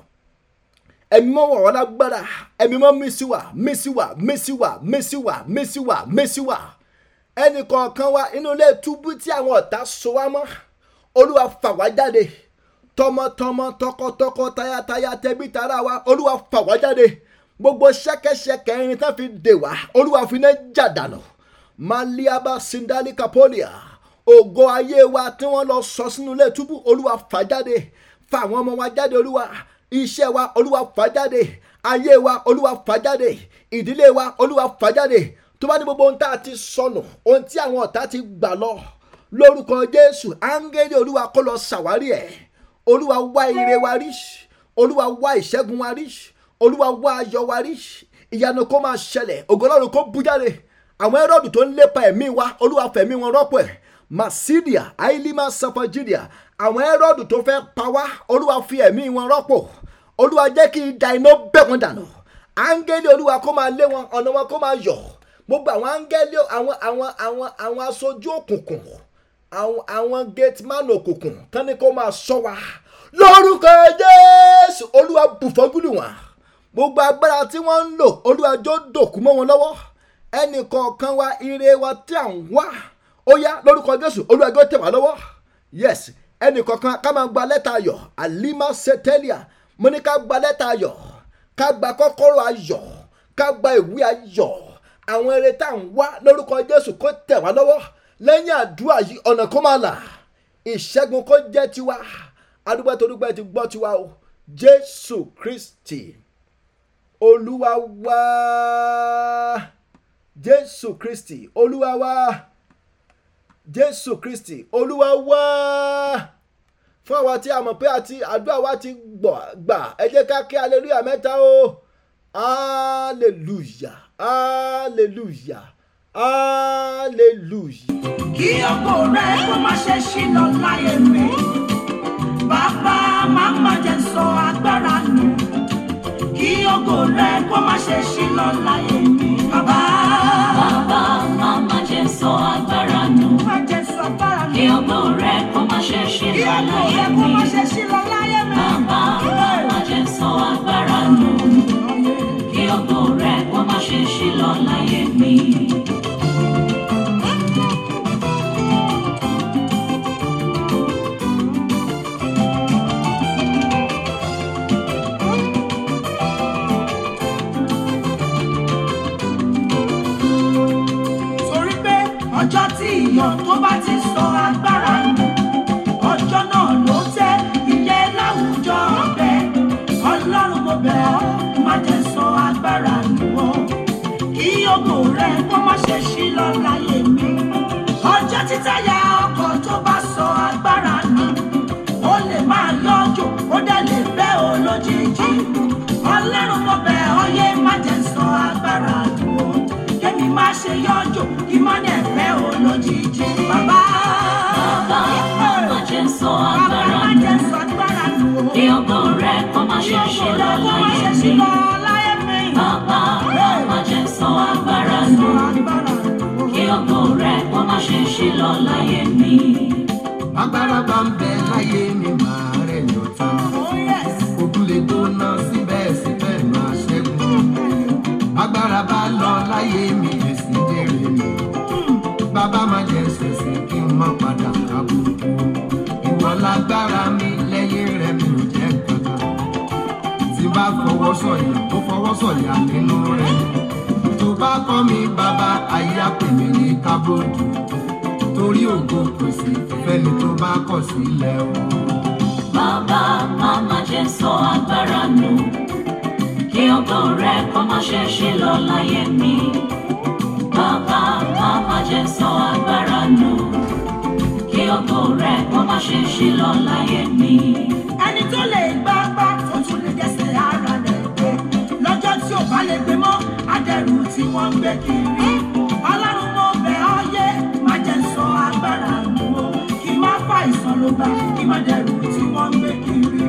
ẹ̀mí mọ́ wọ̀rọ̀ lágbára ẹ̀mí mọ́ mísí wa mísí wa mísí wa mísí wa mísí wa mísí wa ẹnì kọ̀ọ̀kan wa inú ilé túbú tí àwọn ọ̀tá so wá mọ́ olúwa fà wá jáde tọmọtọmọ tọkọtọkọ tayátayá tẹbí tara wa olúwa fà wá jáde gbogbo ṣẹ́kẹ́ṣẹkẹ̀ irin tán fi dè wá olúwa fi náà jàdánù maliaba sindali kapolia ògo ayé wa tí wọ́n lọ sọ sínú ilé túbú olúwa fà jáde fà àwọn ọmọ wa jáde olúwa iṣẹ́ wa olúwa fà jáde ayé wa olúwa fà jáde ìdílé wa olúwa fà jáde tó bá ní gbogbo ohun tá a ti sọnù ohun tí àwọn ọ̀tá ti gbà lọ lórúkọ jésù áńgẹ́lì olúwa kó lọ ṣàwárí ẹ̀ olúwa wá ire wa rí olúwa wá ìṣẹ́gun wa rí olúwa wá ayọ̀ wa rí ìyanu kó máa ṣẹlẹ̀ ògo ọlọ́run kó bú jáde àwọn ẹrọ́dù tó ń lépa ẹ̀mí wa olúwa fẹ̀mí wọn rọ́pò ẹ̀ masidia ailima safajidia àwọn ẹrọ́dù tó fẹ́ pa wá olúwa fi ẹ̀mí wọn rọ́pò olúwa jẹ́ kí idà iná bẹ̀ wọ́n dànù áńgẹ́lì olúwa kó máa lé wọn ọ̀nà wọn kó máa yọ̀ gbogbo àwọn áńgẹ́lì àwọn àwọn àwọn àwọn aṣojú òkùnkùn àwọn àwọn gateman òkùnkùn tán ni kó máa ṣọ́ wa lórúkọ jésù olúwa bùfọ́gùlù wọn gbogbo agbára tí wọ́n ń lò olúwàjò dòkú mọ́ wọn lọ́wọ́ ẹnì kọ̀ọ̀kan wa ire wa tí à ń wá ó yá lórúkọ jésù olúwàjò tẹ̀ wá lọ́wọ́ yes ẹnì kọ̀ọ̀kan ká máa gba lẹ́tà ayọ̀ alima setelia mo ní ká gba lẹ́tà ayọ̀ ká gba kọ́kọ́rọ́ ayọ̀ ká gba ìwé ayọ̀ àwọn eré tá à ń wá lórúkọ jésù kó tẹ̀ wá lọ́wọ́ lẹ́yìn àdúrà yìí ọ̀nà kó máa là ìṣẹ́gun kó jẹ́ tiwa adúgbò tó dúgbò ti gbọ́ tiwa o jésù kristi olúwa wá jésù kristi olúwa wá jésù kristi olúwa wá fún àwa tí a mọ̀ pé àti àdúrà wa ti gbà ẹ jẹ́ ká kí hallelujah mẹ́ta o hallelujah hallelujah hallelujah. kí ọkọ rẹ kó má ṣe ṣìnà láyé mi bàbá má jẹ sọ agbára kí ògo rẹ kó má ṣe ṣí lọ láyé mi bàbá. bàbá màmá jẹ́ sọ agbára nù. má jẹ́ sọ agbára nù. kí ògo rẹ kó má ṣe ṣí lọ láyé kí ògo rẹ kó má ṣe ṣí lọ láyé bàbá màmá jẹ́ sọ agbára nù. kí ògo rẹ kó má ṣe ṣí lọ láyé ṣe yọjú kí má dẹ̀ fẹ́ o lójijì bàbá. bàbá má jẹ́ sọ agbára nù kí ọkọ rẹ kọ́ má ṣe ṣe lọ́láyé mi. bàbá má jẹ́ sọ agbára nù kí ọkọ rẹ kọ́ má ṣe ṣe lọ́láyé mi. agbára bá ń bẹ láyé mi máa rẹ̀ yọ̀tá oh, ojúlé tó ná síbẹ̀síbẹ̀ máa ṣẹ́gun agbára bá lọ láyé mi. ṣubú ìwọ lágbára mi lẹ́yìn rẹ̀ mi ò jẹ́ kàkà tí bá fọwọ́ sọ̀yà ó fọwọ́ sọ̀yà nínú rẹ̀ tó bá kọ́ mi bàbá ayé àpè mi ní kábòdù torí ògo kò sí tó bá kọ̀ sílẹ̀ o. bàbá màmá jẹ́ sọ agbára nù kí ògo rẹ kó má ṣe ṣe lọ láyé mi bàbá màmá jẹ́ sọ agbára nù ògo rẹ̀ wọ́n má ṣe ṣí lọ láyé mi. ẹni tó lè gbá gbá tó tún lè dẹ́sẹ̀ ara rẹ̀ gbé lọ́jọ́ tí ò bá lè gbé mọ́ adẹ́rù tí wọ́n ń gbé kiri. ọlọ́run mo bẹ̀ ọ́ yé má jẹ́ sọ agbára mi o kí má fà ìsàn ló bá kí má dẹ̀rù tí wọ́n ń gbé kiri.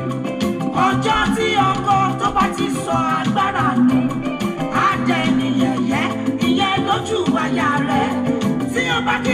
ọjọ́ tí ọkọ tó bá ti sọ agbára mi á jẹ́ ẹni yẹ̀yẹ́ ìyẹn lójú àyà rẹ̀ tí ó bá kí.